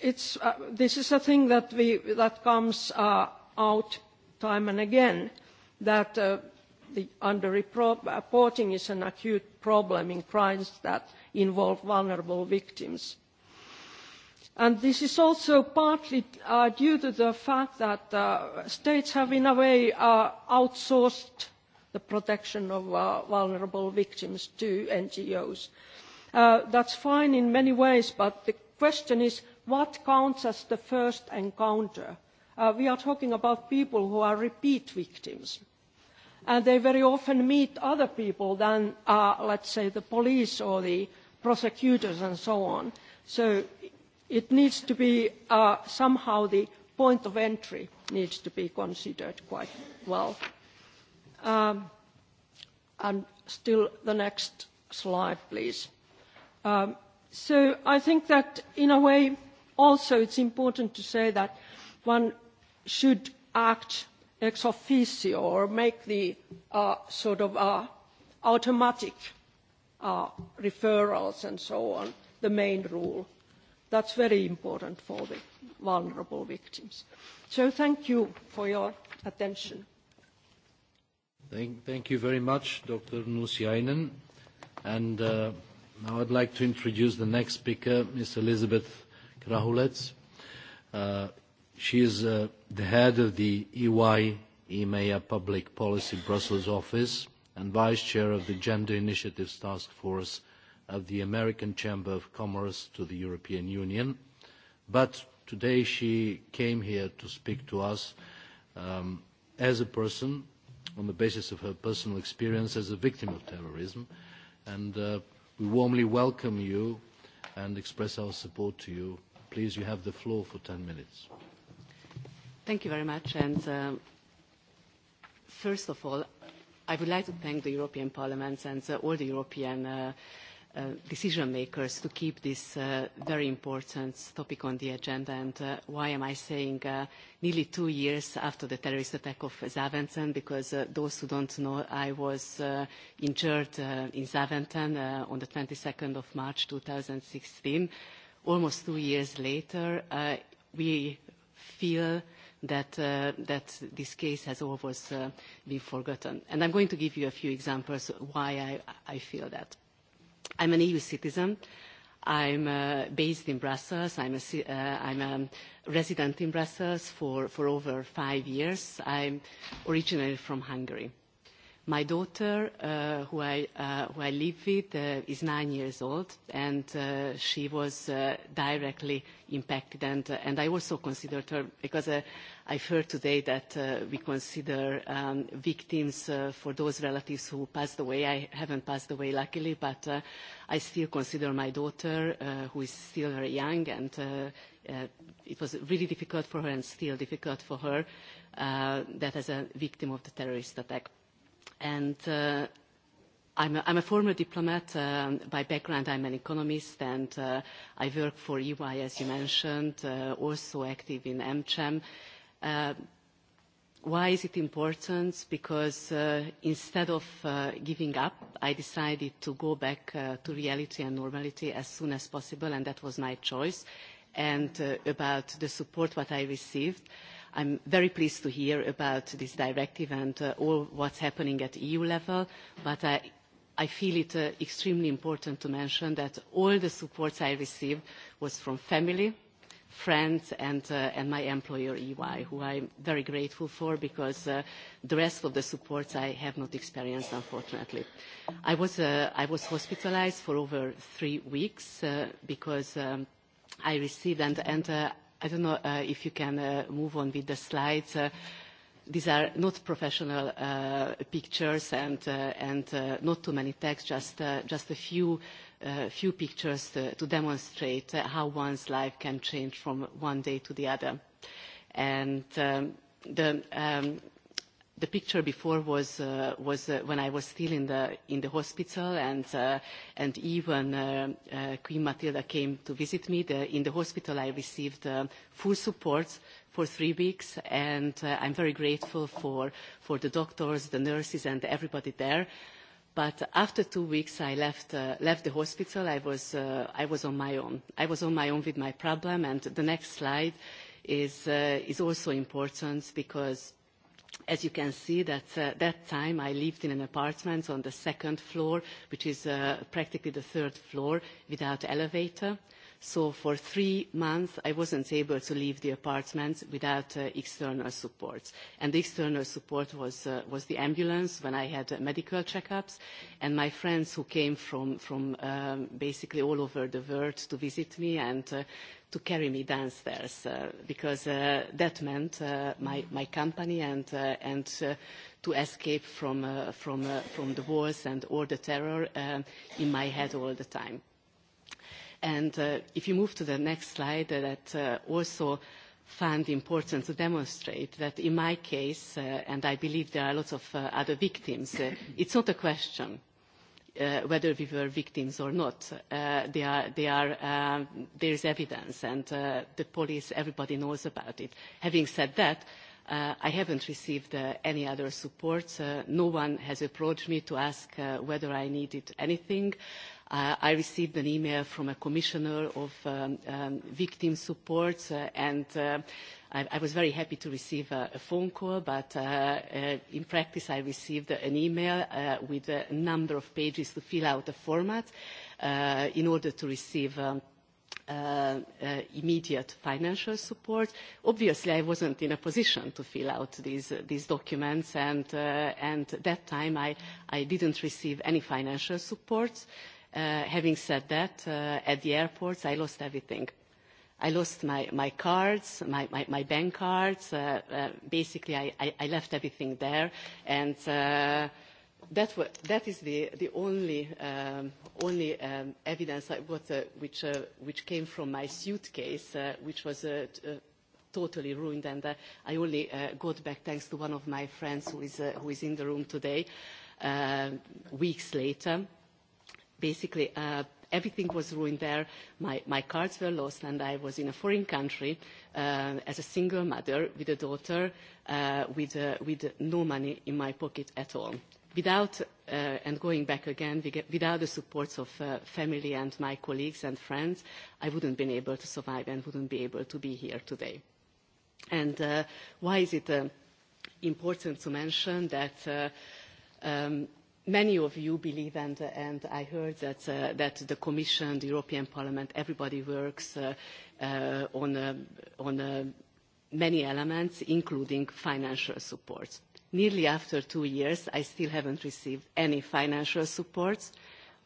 it's, uh, this is a thing that, we, that comes out time and again, that the under reporting is an acute problem in crimes that involve vulnerable victims And this is also partly uh, due to the fact that uh, states have in a way uh, outsourced the protection of vulnerable victims to ngos. that's fine in many ways but the question is what counts as the first encounter? we are talking about people who are repeat victims and they very often meet other people than let's say the police or the prosecutors and so on. so it needs to be uh, somehow the point of entry needs to be considered quite well. Um, and still the next slide, please. Um, so I think that in a way also it's important to say that one should act ex officio or make the uh, sort of uh, automatic referrals and so on the main rule That's very important for the vulnerable victims. So thank you for your attention. Thank, you very much, Dr. Nussiainen. And uh, now I'd like to introduce the next speaker, Ms. Elizabeth Krahulets. Uh, she is uh, the head of the EY EMEA Public Policy Brussels Office and Vice Chair of the Gender Initiatives Task Force of the American Chamber of Commerce to the European Union. But today she came here to speak to us um, as a person, on the basis of her personal experience as a victim of terrorism. And uh, we warmly welcome you and express our support to you. Please, you have the floor for 10 minutes. Thank you very much. And uh, first of all, I would like to thank the European Parliament and uh, all the European Uh, decision makers to keep this uh, very important topic on the agenda and uh, why am I saying nearly two years after the terrorist attack of Zaventem because those who don't know I was injured in Zaventem on the 22nd of March 2016 almost two years later we feel that, that this case has always been forgotten. And I'm going to give you a few examples why I feel that. I'm an EU citizen. I'm uh, based in Brussels. I'm a, uh, I'm a resident in Brussels for, for over five years. I'm originally from Hungary. My daughter, uh, who, I, uh, who I live with, uh, is nine years old, and uh, she was uh, directly impacted. And, uh, and I also considered her, because uh, I've heard today that uh, we consider um, victims uh, for those relatives who passed away. I haven't passed away, luckily, but uh, I still consider my daughter, uh, who is still very young, and uh, uh, it was really difficult for her and still difficult for her, uh, that as a victim of the terrorist attack And uh, I'm, a, I'm a former diplomat um, by background. I'm an economist and uh, I work for EY, as you mentioned, uh, also active in MCHEM. E uh, why is it important? Because uh, instead of uh, giving up, I decided to go back uh, to reality and normality as soon as possible, and that was my choice. And uh, about the support that I received, I'm very pleased to hear about this directive and uh, all what's happening at EU level, but I, I feel it uh, extremely important to mention that all the supports I received was from family, friends and, uh, my employer EY, who I'm very grateful for because uh, the rest of the supports I have not experienced, unfortunately. I was, uh, I was hospitalized for over three weeks uh, because um, I received and, and i don't know uh, if you can uh, move on with the slides. Uh, these are not professional pictures and, and not too many text, just, just a few, few pictures to, demonstrate how one's life can change from one day to the other. And um, the um, the picture before was uh, was uh, when I was still in the in the hospital and uh, and even uh, uh, Queen Matilda came to visit me the, in the hospital I received uh, full support for three weeks and I'm very grateful for for the doctors the nurses and everybody there but after two weeks I left left the hospital I was I was on my own I was on my own with my problem and the next slide is is also important because As you can see, that uh, that time I lived in an apartment on the second floor, which is uh, practically the third floor, without elevator. So for three months, I wasn't able to leave the apartment without uh, external support. And the external support was, uh, was the ambulance when I had uh, medical checkups, and my friends who came from, from um, basically all over the world to visit me and to carry me downstairs uh, because uh, that meant uh, my, my company and, uh, and uh, to escape from, uh, from, from the wars and all the terror in my head all the time. And if you move to the next slide, that also found important to demonstrate that in my case, and I believe there are lots of other victims, it's not a question Uh, whether we were victims or not. Uh, um, there is evidence and uh, the police, everybody knows about it. Having said that, uh, I haven't received uh, any other support. No one has approached me to ask whether I needed anything. I received an email from a commissioner of um, um, victim support and i, I was very happy to receive a, phone call, but uh, uh, in practice I received an email uh, with a number of pages to fill out a format uh, in order to receive um, uh, uh, immediate financial support. Obviously, I wasn't in a position to fill out these, these documents, and, uh, and at that time, I, I didn't receive any financial support. Uh, having said that, at the airports, I lost everything. I lost my, my cards, my, my, my bank cards. Uh, uh, basically, I, I, I left everything there. And uh, that, that is the, the only, um, only um, evidence I got, uh, which, uh, which came from my suitcase, uh, which was uh, uh, totally ruined. And uh, I only uh, got back thanks to one of my friends who is, uh, who is in the room today, uh, weeks later. Basically, uh, everything was ruined there. My, my cards were lost and I was in a foreign country uh, as a single mother with a daughter uh, with, uh, with no money in my pocket at all. Without, uh, and going back again, without the support of uh, family and my colleagues and friends, I wouldn't been able to survive and wouldn't be able to be here today. And uh, why is it important to mention that um, many of you believe and, and i heard that, uh, that the commission the european parliament everybody works uh, uh, on, on many elements including financial support. nearly after two years i still haven't received any financial support.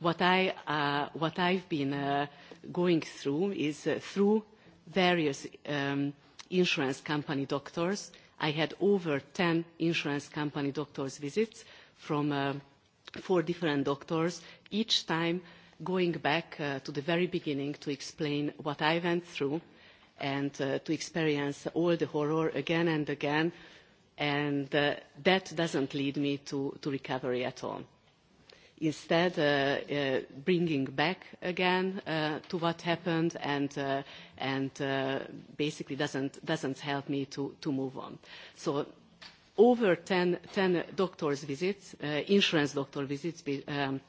what i uh, what i've been going through is through various um, insurance company doctors i had over 10 insurance company doctors' visits from four different doctors, each time going back uh, to the very beginning to explain what I went through and uh, to experience all the horror again and again. And uh, that doesn't lead me to, to recovery at all. Instead, uh, bringing back again to what happened and, and basically doesn't, doesn't help me to, to move on. So over 10, 10 doctor's visits, uh, insurance doctor visits, um,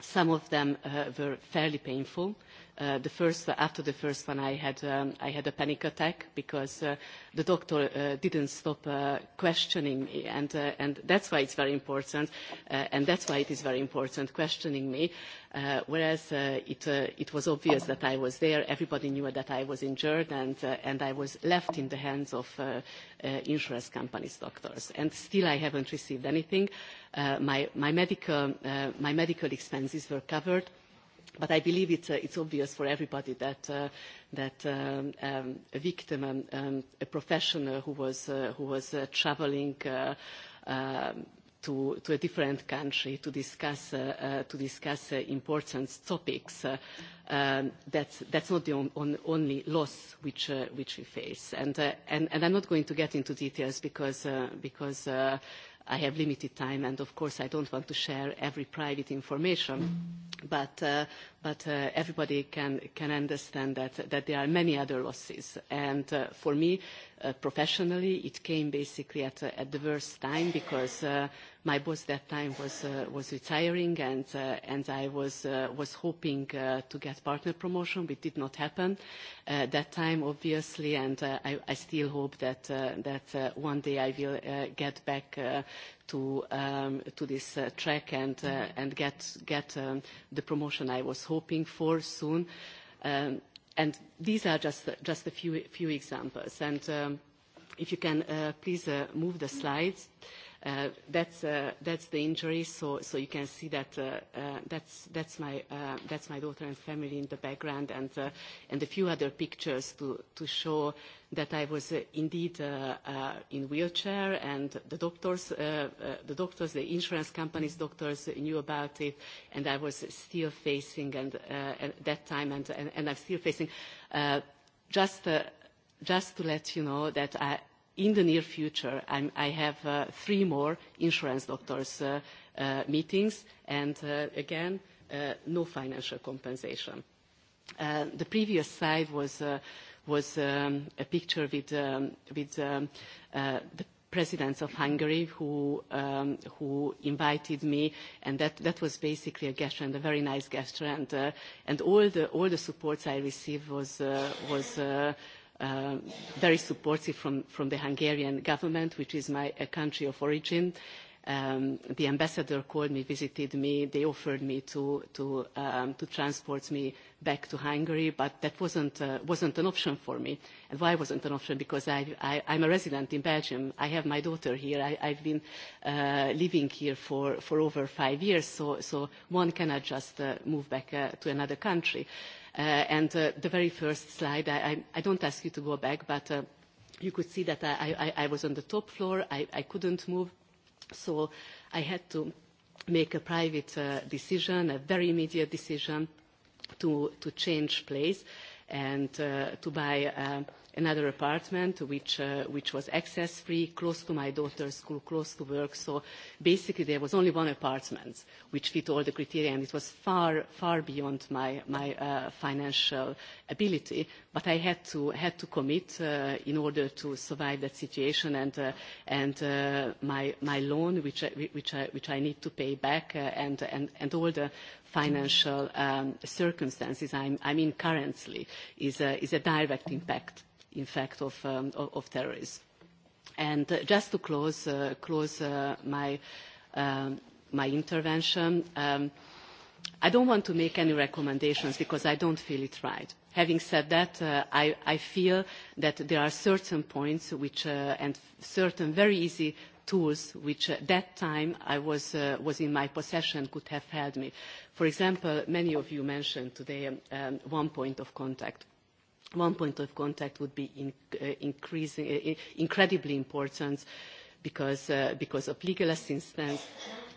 some of them uh, were fairly painful Uh, the first after the first one i had um, i had a panic attack because uh, the doctor uh, didn't stop uh, questioning me and uh, and that's why it's very important and that's why it is very important questioning me whereas it it was obvious that i was there everybody knew that i was injured and and i was left in the hands of insurance companies doctors and still i haven't received anything my my medical my medical expenses were covered But I believe it, uh, it's obvious for everybody that, uh, that um, um, a victim, um, a professional who was, travelling uh, who was uh, to, to a different country to discuss, to discuss important topics, that's, that's not the only loss which, which we face. And, and, and I'm not going to get into details because, because i have limited time and of course I don't want to share every private information but, uh, but uh, everybody can, can understand that, that there are many other losses and uh, for me uh, professionally it came basically at, at the worst time because uh, my boss that time was uh, was retiring and uh, and I was uh, was hoping uh, to get partner promotion but it did not happen at uh, that time obviously and uh, I, I still hope that that one day I will get back to um, to this track and mm-hmm. and get get um, the promotion I was hoping for soon um, and these are just just a few few examples and um, if you can please move the slides Uh, that's, uh, that's the injury. So, so you can see that uh, uh that's, that's, my, that's my daughter and family in the background and, and a few other pictures to, to show that I was indeed in wheelchair and the doctors, the doctors, the insurance companies' doctors knew about it and I was still facing and, at that time and, and, and I'm still facing. Just, just to let you know that I, in the near future I'm, i have uh, three more insurance doctors uh, uh, meetings and uh, again uh, no financial compensation. Uh, the previous slide was, was um, a picture with, um, with um, the presidents of Hungary who um, who invited me and that that was basically a gesture and a very nice gesture and uh, and all the all the supports I received was uh, was uh, Uh, very supportive from, from the Hungarian government, which is my country of origin. Um, the ambassador called me, visited me. They offered me to, to, um, to transport me back to Hungary, but that wasn't, uh, wasn't an option for me. And why wasn't an option? Because I, I, I'm a resident in Belgium. I have my daughter here. I, I've been uh, living here for, for over five years, so, so one cannot just uh, move back uh, to another country. Uh, and uh, the very first slide I, I, I don't ask you to go back but uh, you could see that I, was on the top floor I, I couldn't move so I had to make a private decision a very immediate decision to, to change place and to buy um, another apartment which, uh, which was access free, close to my daughter's school, close to work. So basically there was only one apartment which fit all the criteria and it was far, far beyond my, my uh, financial ability. But I had to, had to commit uh, in order to survive that situation and, uh, and uh, my, my loan which I, which, I, which I need to pay back and, and, and all the financial um, circumstances I'm, I'm currently is a, direct impact, in fact, um, of, terrorism. And uh, just to close, uh, uh, um, my, intervention, I don't want to make any recommendations because I don't feel it right. Having said that, I, feel that there are certain points which, and certain very easy tools which at that time I was, uh, was in my possession could have helped me. For example, many of you mentioned today um, um, one point of contact. One point of contact would be in, uh, increasing, uh, incredibly important because, uh, because of legal assistance,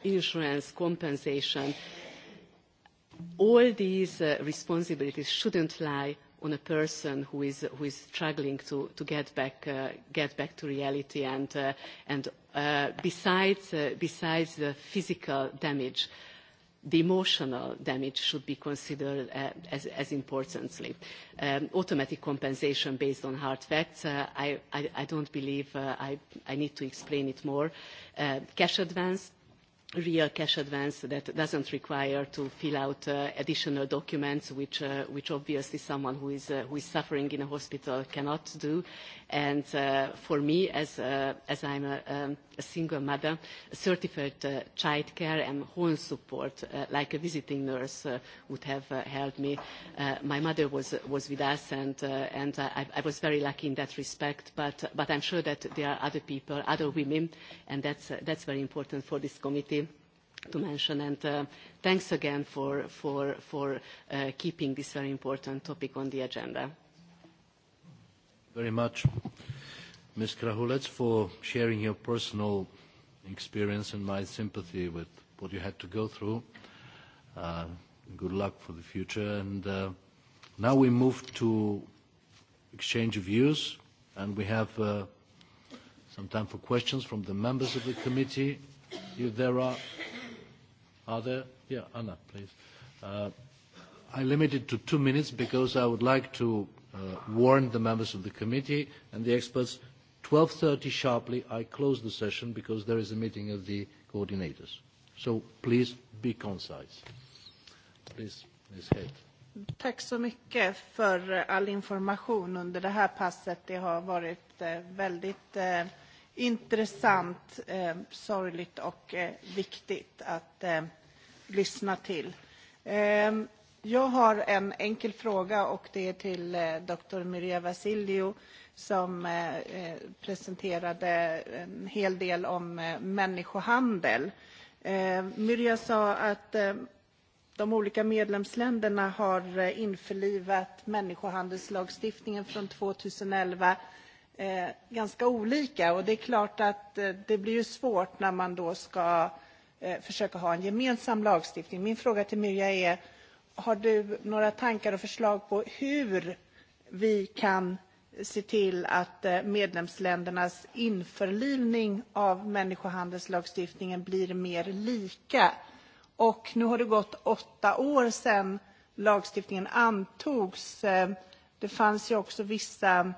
insurance, compensation. All these responsibilities shouldn't lie on a person who is who is struggling to to get back uh, get back to reality and uh, and uh, besides uh, besides the physical damage the emotional damage should be considered uh, as as importantly um, automatic compensation based on hard facts uh, i i i don't believe i i need to explain it more cash advance real cash advance that doesn't require to fill out uh, additional documents which uh, which obviously someone who is uh, who is suffering in a hospital cannot do and uh, for me as uh, as i'm um, a, single mother certified uh, child care and home support like a visiting nurse would have helped me my mother was was with us and and I, i was very lucky in that respect but but i'm sure that there are other people other women and that's that's very important for this committee to mention and uh, thanks again for for for uh, keeping this very important topic on the agenda very much ms krahulets for sharing your personal experience and my sympathy with what you had to go through uh, good luck for the future and uh, now we move to exchange of views and we have some time for questions from the members of the committee if there are Are there? Yeah, Anna, please. Uh, I limited to two minutes because I would like to uh, warn the members of the committee and the experts. 12.30 sharply, I close the session because there is a meeting of the coordinators. So please be concise. Please, Ms. Head. Tack så mycket för uh, all information under det här passet. Det har varit uh, väldigt Uh, intressant, eh, sorgligt och eh, viktigt att eh, lyssna till. Eh, jag har en enkel fråga och det är till eh, doktor Mirja Vasilio som eh, eh, presenterade en hel del om eh, människohandel. Eh, Mirja sa att eh, de olika medlemsländerna har eh, införlivat människohandelslagstiftningen från 2011 Eh, ganska olika och det är klart att eh, det blir ju svårt när man då ska eh, försöka ha en gemensam lagstiftning. Min fråga till Mirja är har du några tankar och förslag på hur vi kan se till att medlemsländernas införlivning av människohandelslagstiftningen blir mer lika. Och nu har det gått åtta år sedan lagstiftningen antogs. Det fanns ju också vissa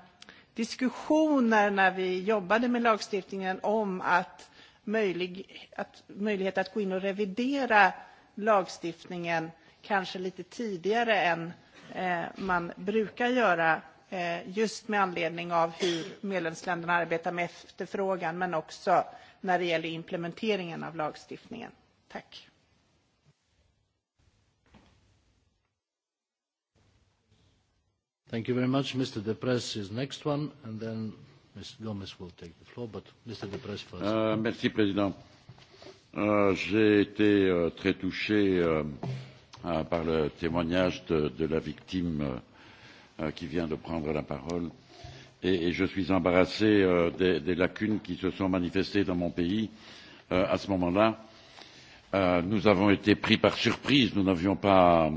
diskussioner när vi jobbade med lagstiftningen om att, möjlig, att möjlighet att gå in och revidera lagstiftningen kanske lite tidigare än eh, man brukar göra eh, just med anledning av hur medlemsländerna arbetar med efterfrågan men också när det gäller implementeringen av lagstiftningen. Tack. Thank you very much. Mr. Deprez is next one, and then Ms. Gomez will take the floor, but Mr. Deprez first. Euh, merci, Président. Euh, j'ai été euh, très touché par le témoignage de, la victime qui vient de prendre la parole. Et, je suis embarrassé des, lacunes qui se sont manifestées dans mon pays à ce moment-là Euh, nous avons été pris par surprise nous n'avions pas,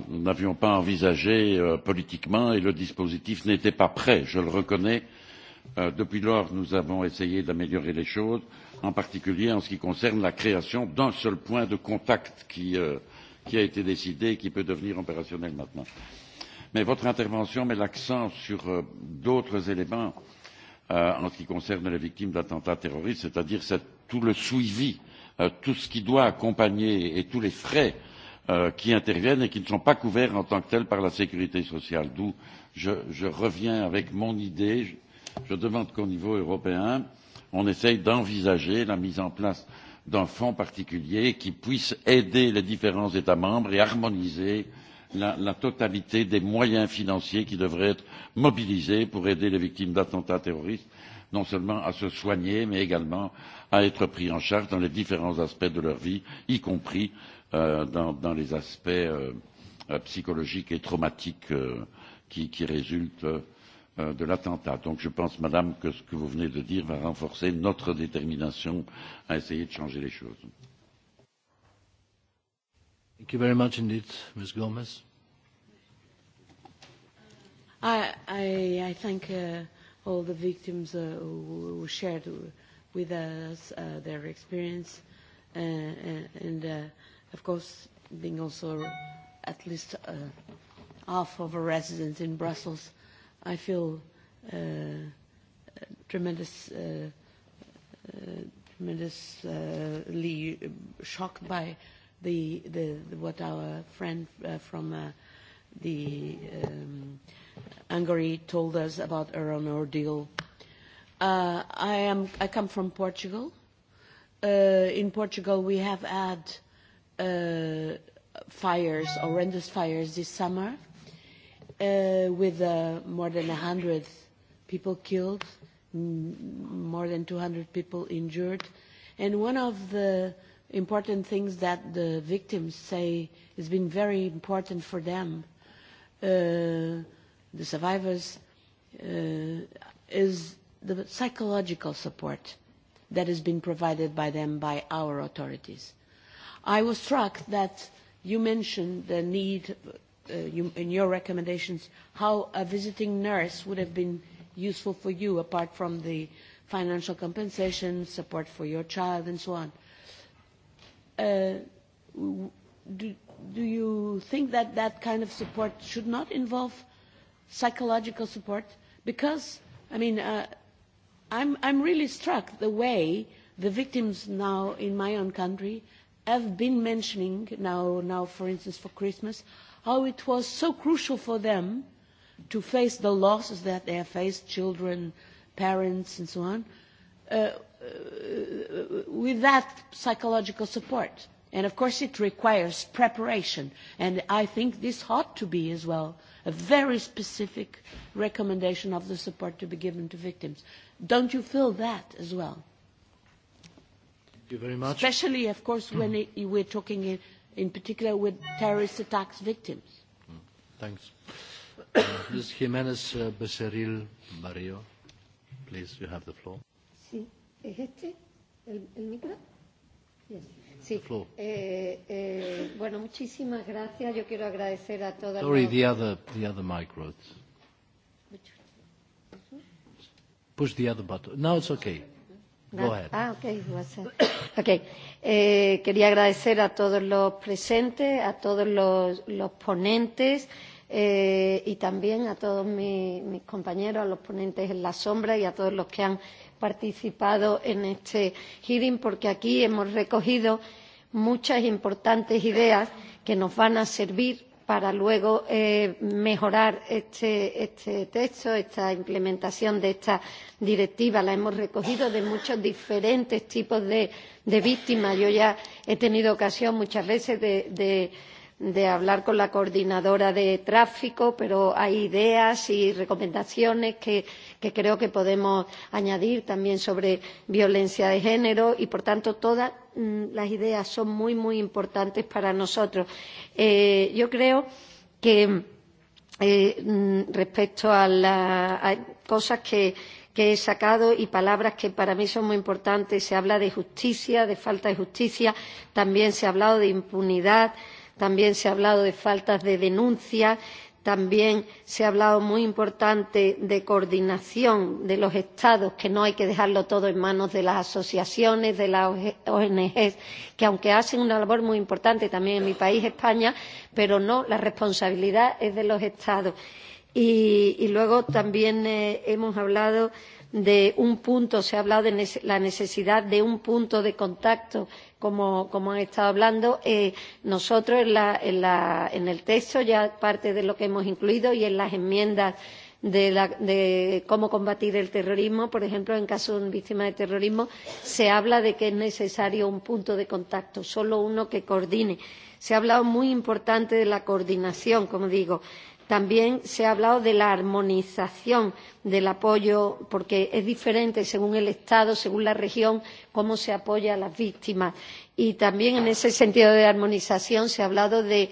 envisagé euh, politiquement et le dispositif n'était pas prêt je le reconnais. Euh, depuis lors nous avons essayé d'améliorer les choses en particulier en ce qui concerne la création d'un seul point de contact qui, qui a été décidé et qui peut devenir opérationnel maintenant. mais votre intervention met l'accent sur d'autres éléments en ce qui concerne les victimes d'attentats terroristes c'est à dire tout le suivi Euh, tout ce qui doit accompagner et tous les frais euh, qui interviennent et qui ne sont pas couverts en tant que tels par la sécurité sociale. D'où je, reviens avec mon idée. Je, demande qu'au niveau européen, on essaye d'envisager la mise en place d'un fonds particulier qui puisse aider les différents États membres et harmoniser la, la totalité des moyens financiers qui devraient être mobilisés pour aider les victimes d'attentats terroristes, non seulement à se soigner, mais également à être pris en charge dans les différents aspects de leur vie, y compris euh, dans, dans les aspects euh, psychologiques et traumatiques euh, qui, qui résultent euh, de l'attentat. Donc je pense, Madame, que ce que vous venez de dire va renforcer notre détermination à essayer de changer les choses. Thank you very much indeed, Ms. Gomez. I, I, I thank uh, all the victims uh, who, who shared with us uh, their experience uh, uh, and uh, of course being also at least uh, half of a resident in Brussels I feel uh, tremendous uh, uh, tremendously uh, shocked by the, the, the what our friend uh, from uh, the um, Hungary told us about her own ordeal Uh, I, am, I come from Portugal. Uh, in Portugal, we have had uh, fires, horrendous fires this summer, uh, with more than 100 people killed, more than 200 people injured. And one of the important things that the victims say has been very important for them, the survivors, is the psychological support that has been provided by them by our authorities. I was struck that you mentioned the need uh, in your recommendations how a visiting nurse would have been useful for you apart from the financial compensation, support for your child and so on. Uh, do, you think that that kind of support should not involve psychological support? Because, I mean, uh, I'm, I'm really struck the way the victims now in my own country have been mentioning now, now for instance for Christmas, how it was so crucial for them to face the losses that they have faced, children, parents and so on, uh, uh, with that psychological support. And of course it requires preparation. And I think this ought to be as well a very specific recommendation of the support to be given to victims. Don't you feel that as well? Thank you very much. Especially, of course, when it, we're talking in, in particular with terrorist attacks victims. Thanks. Uh, Ms. Jimenez uh, Becerril Barrio, please, you have the floor. Sí, es este, el, el micro. Yes. Sí. Eh, eh, bueno, muchísimas gracias. Yo quiero agradecer a todas. Sorry, las... the other, the other micro. push the other button. Now it's okay. Go ah, ahead. Ah, okay. okay. Eh, quería agradecer a todos los presentes, a todos los, los ponentes eh, y también a todos mis, mis compañeros, a los ponentes en la sombra y a todos los que han participado en este hearing, porque aquí hemos recogido muchas importantes ideas que nos van a servir para luego eh, mejorar este, texto, esta implementación de esta directiva. La hemos recogido de muchos diferentes tipos de, víctimas. Yo ya he tenido ocasión muchas veces de de hablar con la coordinadora de tráfico pero hay ideas y recomendaciones que, creo que podemos añadir también sobre violencia de género y por tanto todas mm, las ideas son muy muy importantes para nosotros. Eh, yo creo que eh, mm, respecto a las cosas que que he sacado y palabras que para mí son muy importantes se habla de justicia de falta de justicia también se ha hablado de impunidad también se ha hablado de faltas de denuncia también se ha hablado muy importante de coordinación de los estados que no hay que dejarlo todo en manos de las asociaciones de las ong que aunque hacen una labor muy importante también en mi país españa pero no la responsabilidad es de los estados. y, luego también eh, hemos hablado de un punto, se ha hablado de la necesidad de un punto de contacto, como, como han estado hablando. Eh, nosotros en, la, en, la, en el texto, ya parte de lo que hemos incluido y en las enmiendas de, la, de cómo combatir el terrorismo, por ejemplo, en caso de una víctima de terrorismo, se habla de que es necesario un punto de contacto, solo uno que coordine. Se ha hablado muy importante de la coordinación, como digo. También se ha hablado de la armonización del apoyo, porque es diferente según el Estado, según la región, cómo se apoya a las víctimas. Y también en ese sentido de armonización se ha hablado de,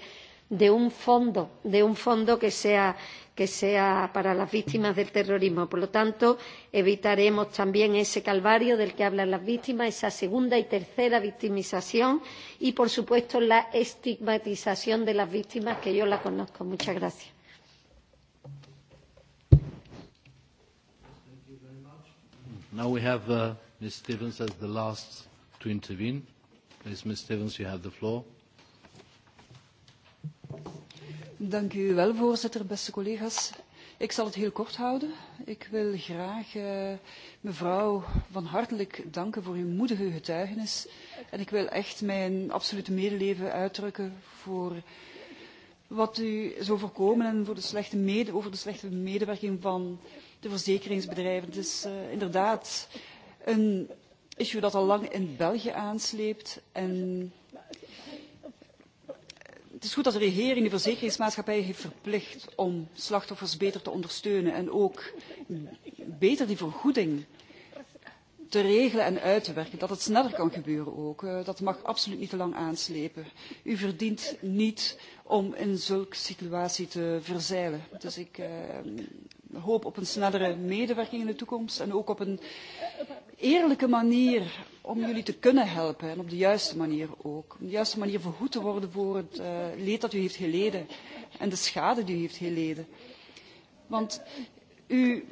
de un fondo, de un fondo que sea que sea para las víctimas del terrorismo. Por lo tanto, evitaremos también ese calvario del que hablan las víctimas, esa segunda y tercera victimización y, por supuesto, la estigmatización de las víctimas, que yo la conozco. Muchas gracias. Now we have uh, Ms. Stevens as the last to intervene. Please, Ms. Stevens, you have the floor. Dank u wel, voorzitter, beste collega's. Ik zal het heel kort houden. Ik wil graag uh, mevrouw van hartelijk danken voor uw moedige getuigenis. En ik wil echt mijn absolute medeleven uitdrukken voor wat u zo voorkomen en voor de slechte mede, over de slechte medewerking van de verzekeringsbedrijven. Het is uh, eh, inderdaad een issue dat al lang in België aansleept. En eh, het is goed dat de regering de verzekeringsmaatschappij heeft verplicht om slachtoffers beter te ondersteunen en ook beter die vergoeding te regelen en uit te werken. Dat het sneller kan gebeuren ook. Eh, dat mag absoluut niet te lang aanslepen. U verdient niet om in zulke situatie te verzeilen. Dus ik eh, hoop op een snellere medewerking in de toekomst en ook op een eerlijke manier om jullie te kunnen helpen en op de juiste manier ook. Op de juiste manier vergoed te worden voor het eh, leed dat u heeft geleden en de schade die u heeft geleden. Want u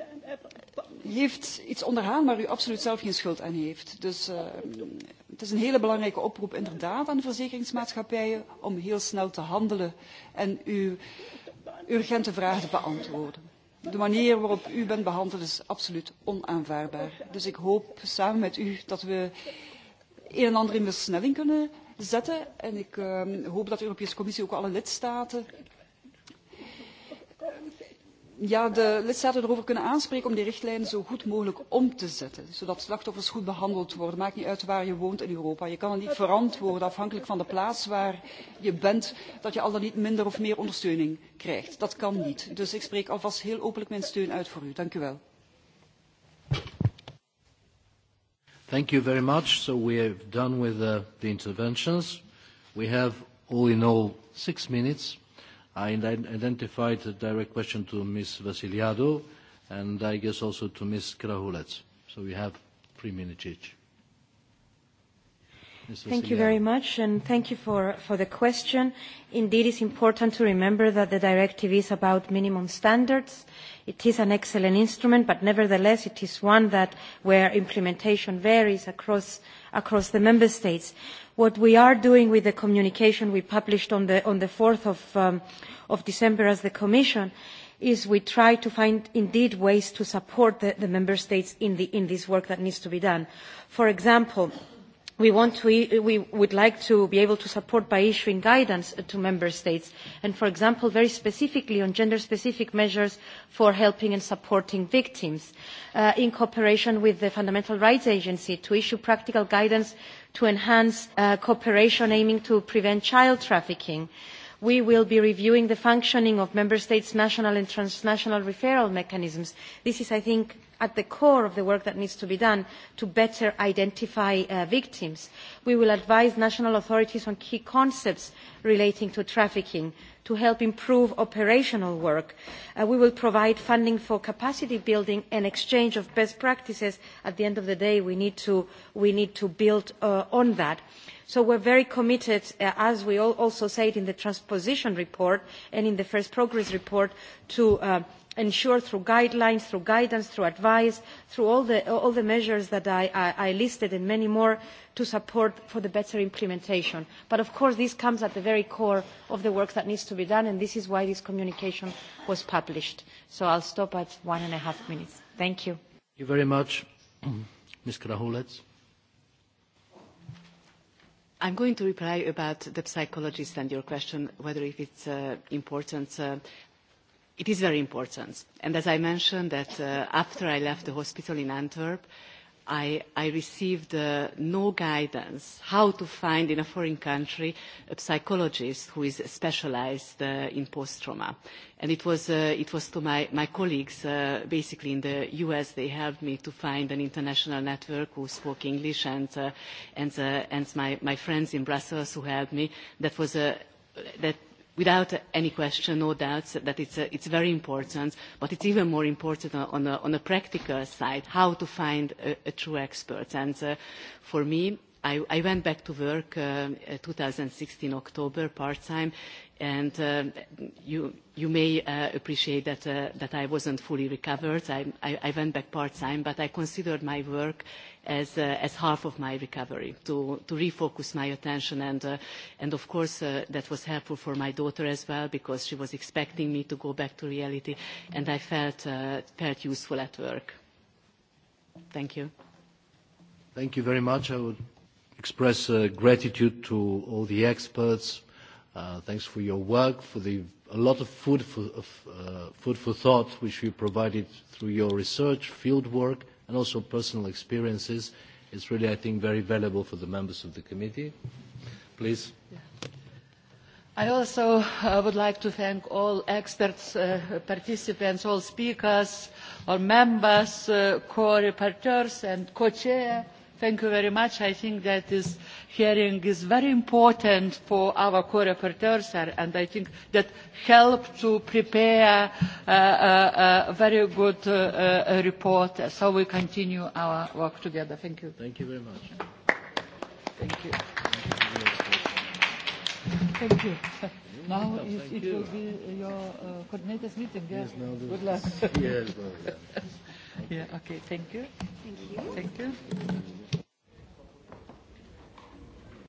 u heeft iets ondergaan waar u absoluut zelf geen schuld aan heeft. Dus eh, het is een hele belangrijke oproep inderdaad aan de verzekeringsmaatschappijen om heel snel te handelen en uw urgente vragen te beantwoorden. De manier waarop u bent behandeld is absoluut onaanvaardbaar. Dus ik hoop samen met u dat we een en ander in versnelling kunnen zetten. En ik eh, hoop dat de Europese Commissie ook alle lidstaten de lidstaten erover kunnen aanspreken om die richtlijn zo goed mogelijk om te zetten. Zodat slachtoffers goed behandeld worden. Maakt niet uit waar je woont in Europa. Je kan het niet verantwoorden afhankelijk van de plaats waar je bent. Dat je al dan niet minder of meer ondersteuning krijgt. Dat kan niet. Dus ik spreek alvast heel openlijk mijn steun uit voor u. Dank u wel. Thank you very much. So we have done with uh, interventions. We have all in all six minutes i identified a direct question to Ms. Vasiliadou and I guess also to Ms. Krahulec. So we have three minutes each. Thank you very much, and thank you for, for the question. Indeed, it's important to remember that the directive is about minimum standards. It is an excellent instrument, but nevertheless it is one that where implementation varies across, across the member states. What we are doing with the communication we published on the, on the 4th of, um, of December as the Commission is we try to find indeed ways to support the, the member states in, the, in this work that needs to be done. For example, we, want to, e, we would like to be able to support by issuing guidance to member states and for example very specifically on gender specific measures for helping and supporting victims uh, in cooperation with the fundamental rights agency to issue practical guidance to enhance uh, cooperation aiming to prevent child trafficking we will be reviewing the functioning of member states' national and transnational referral mechanisms. this is i think at the core of the work that needs to be done to better identify uh, victims. We will advise national authorities on key concepts relating to trafficking to help improve operational work. Uh, we will provide funding for capacity building and exchange of best practices. At the end of the day, we need to, we need to build uh, on that. So we are very committed, uh, as we all also said in the transposition report and in the first progress report, to ensure through guidelines, through guidance, through advice, through all the, all the measures that I, I, listed and many more to support for the better implementation. But of course this comes at the very core of the work that needs to be done and this is why this communication was published. So I'll stop at one and a half minutes. Thank you. Thank you very much. Ms. I'm going to reply about the psychologist and your question whether if it's uh, important. Uh, it is very important and as i mentioned that uh, after i left the hospital in antwerp i, I received uh, no guidance how to find in a foreign country a psychologist who is specialized uh, in post trauma and it was, it was to my, my colleagues basically in the us they helped me to find an international network who spoke english and, and, and my, my friends in brussels who helped me that was a that without any question no doubts that it's, uh, it's very important but it's even more important on a, on a practical side how to find a, a true expert and uh, for me i, I went back to work uh, 2016 uh, October part-time and uh, you, you may uh, appreciate that, uh, that I wasn't fully recovered. I, I, I went back part-time, but I considered my work as, as half of my recovery to, to refocus my attention. And, and of course, that was helpful for my daughter as well because she was expecting me to go back to reality, and I felt, felt useful at work. Thank you. Thank you very much. I would express uh, gratitude to all the experts. Uh, thanks for your work, for the a lot of food for, uh, food for thought which you provided through your research, field work, and also personal experiences. It's really, I think, very valuable for the members of the committee. Please. I also uh, would like to thank all experts, uh, participants, all speakers, all members, uh, co rapporteurs and co-chair Thank you very much. I think that this hearing is very important for our co-rapporteurs and I think that help to prepare a, a, a very good uh, uh, report so we continue our work together. Thank you. Thank you very much. Thank you. Thank you. Now it, it you. will be your uh, coordinators meeting. Yeah? Yes, now good luck. yes, well, yeah. yeah, okay. Thank you. Thank you. Thank you.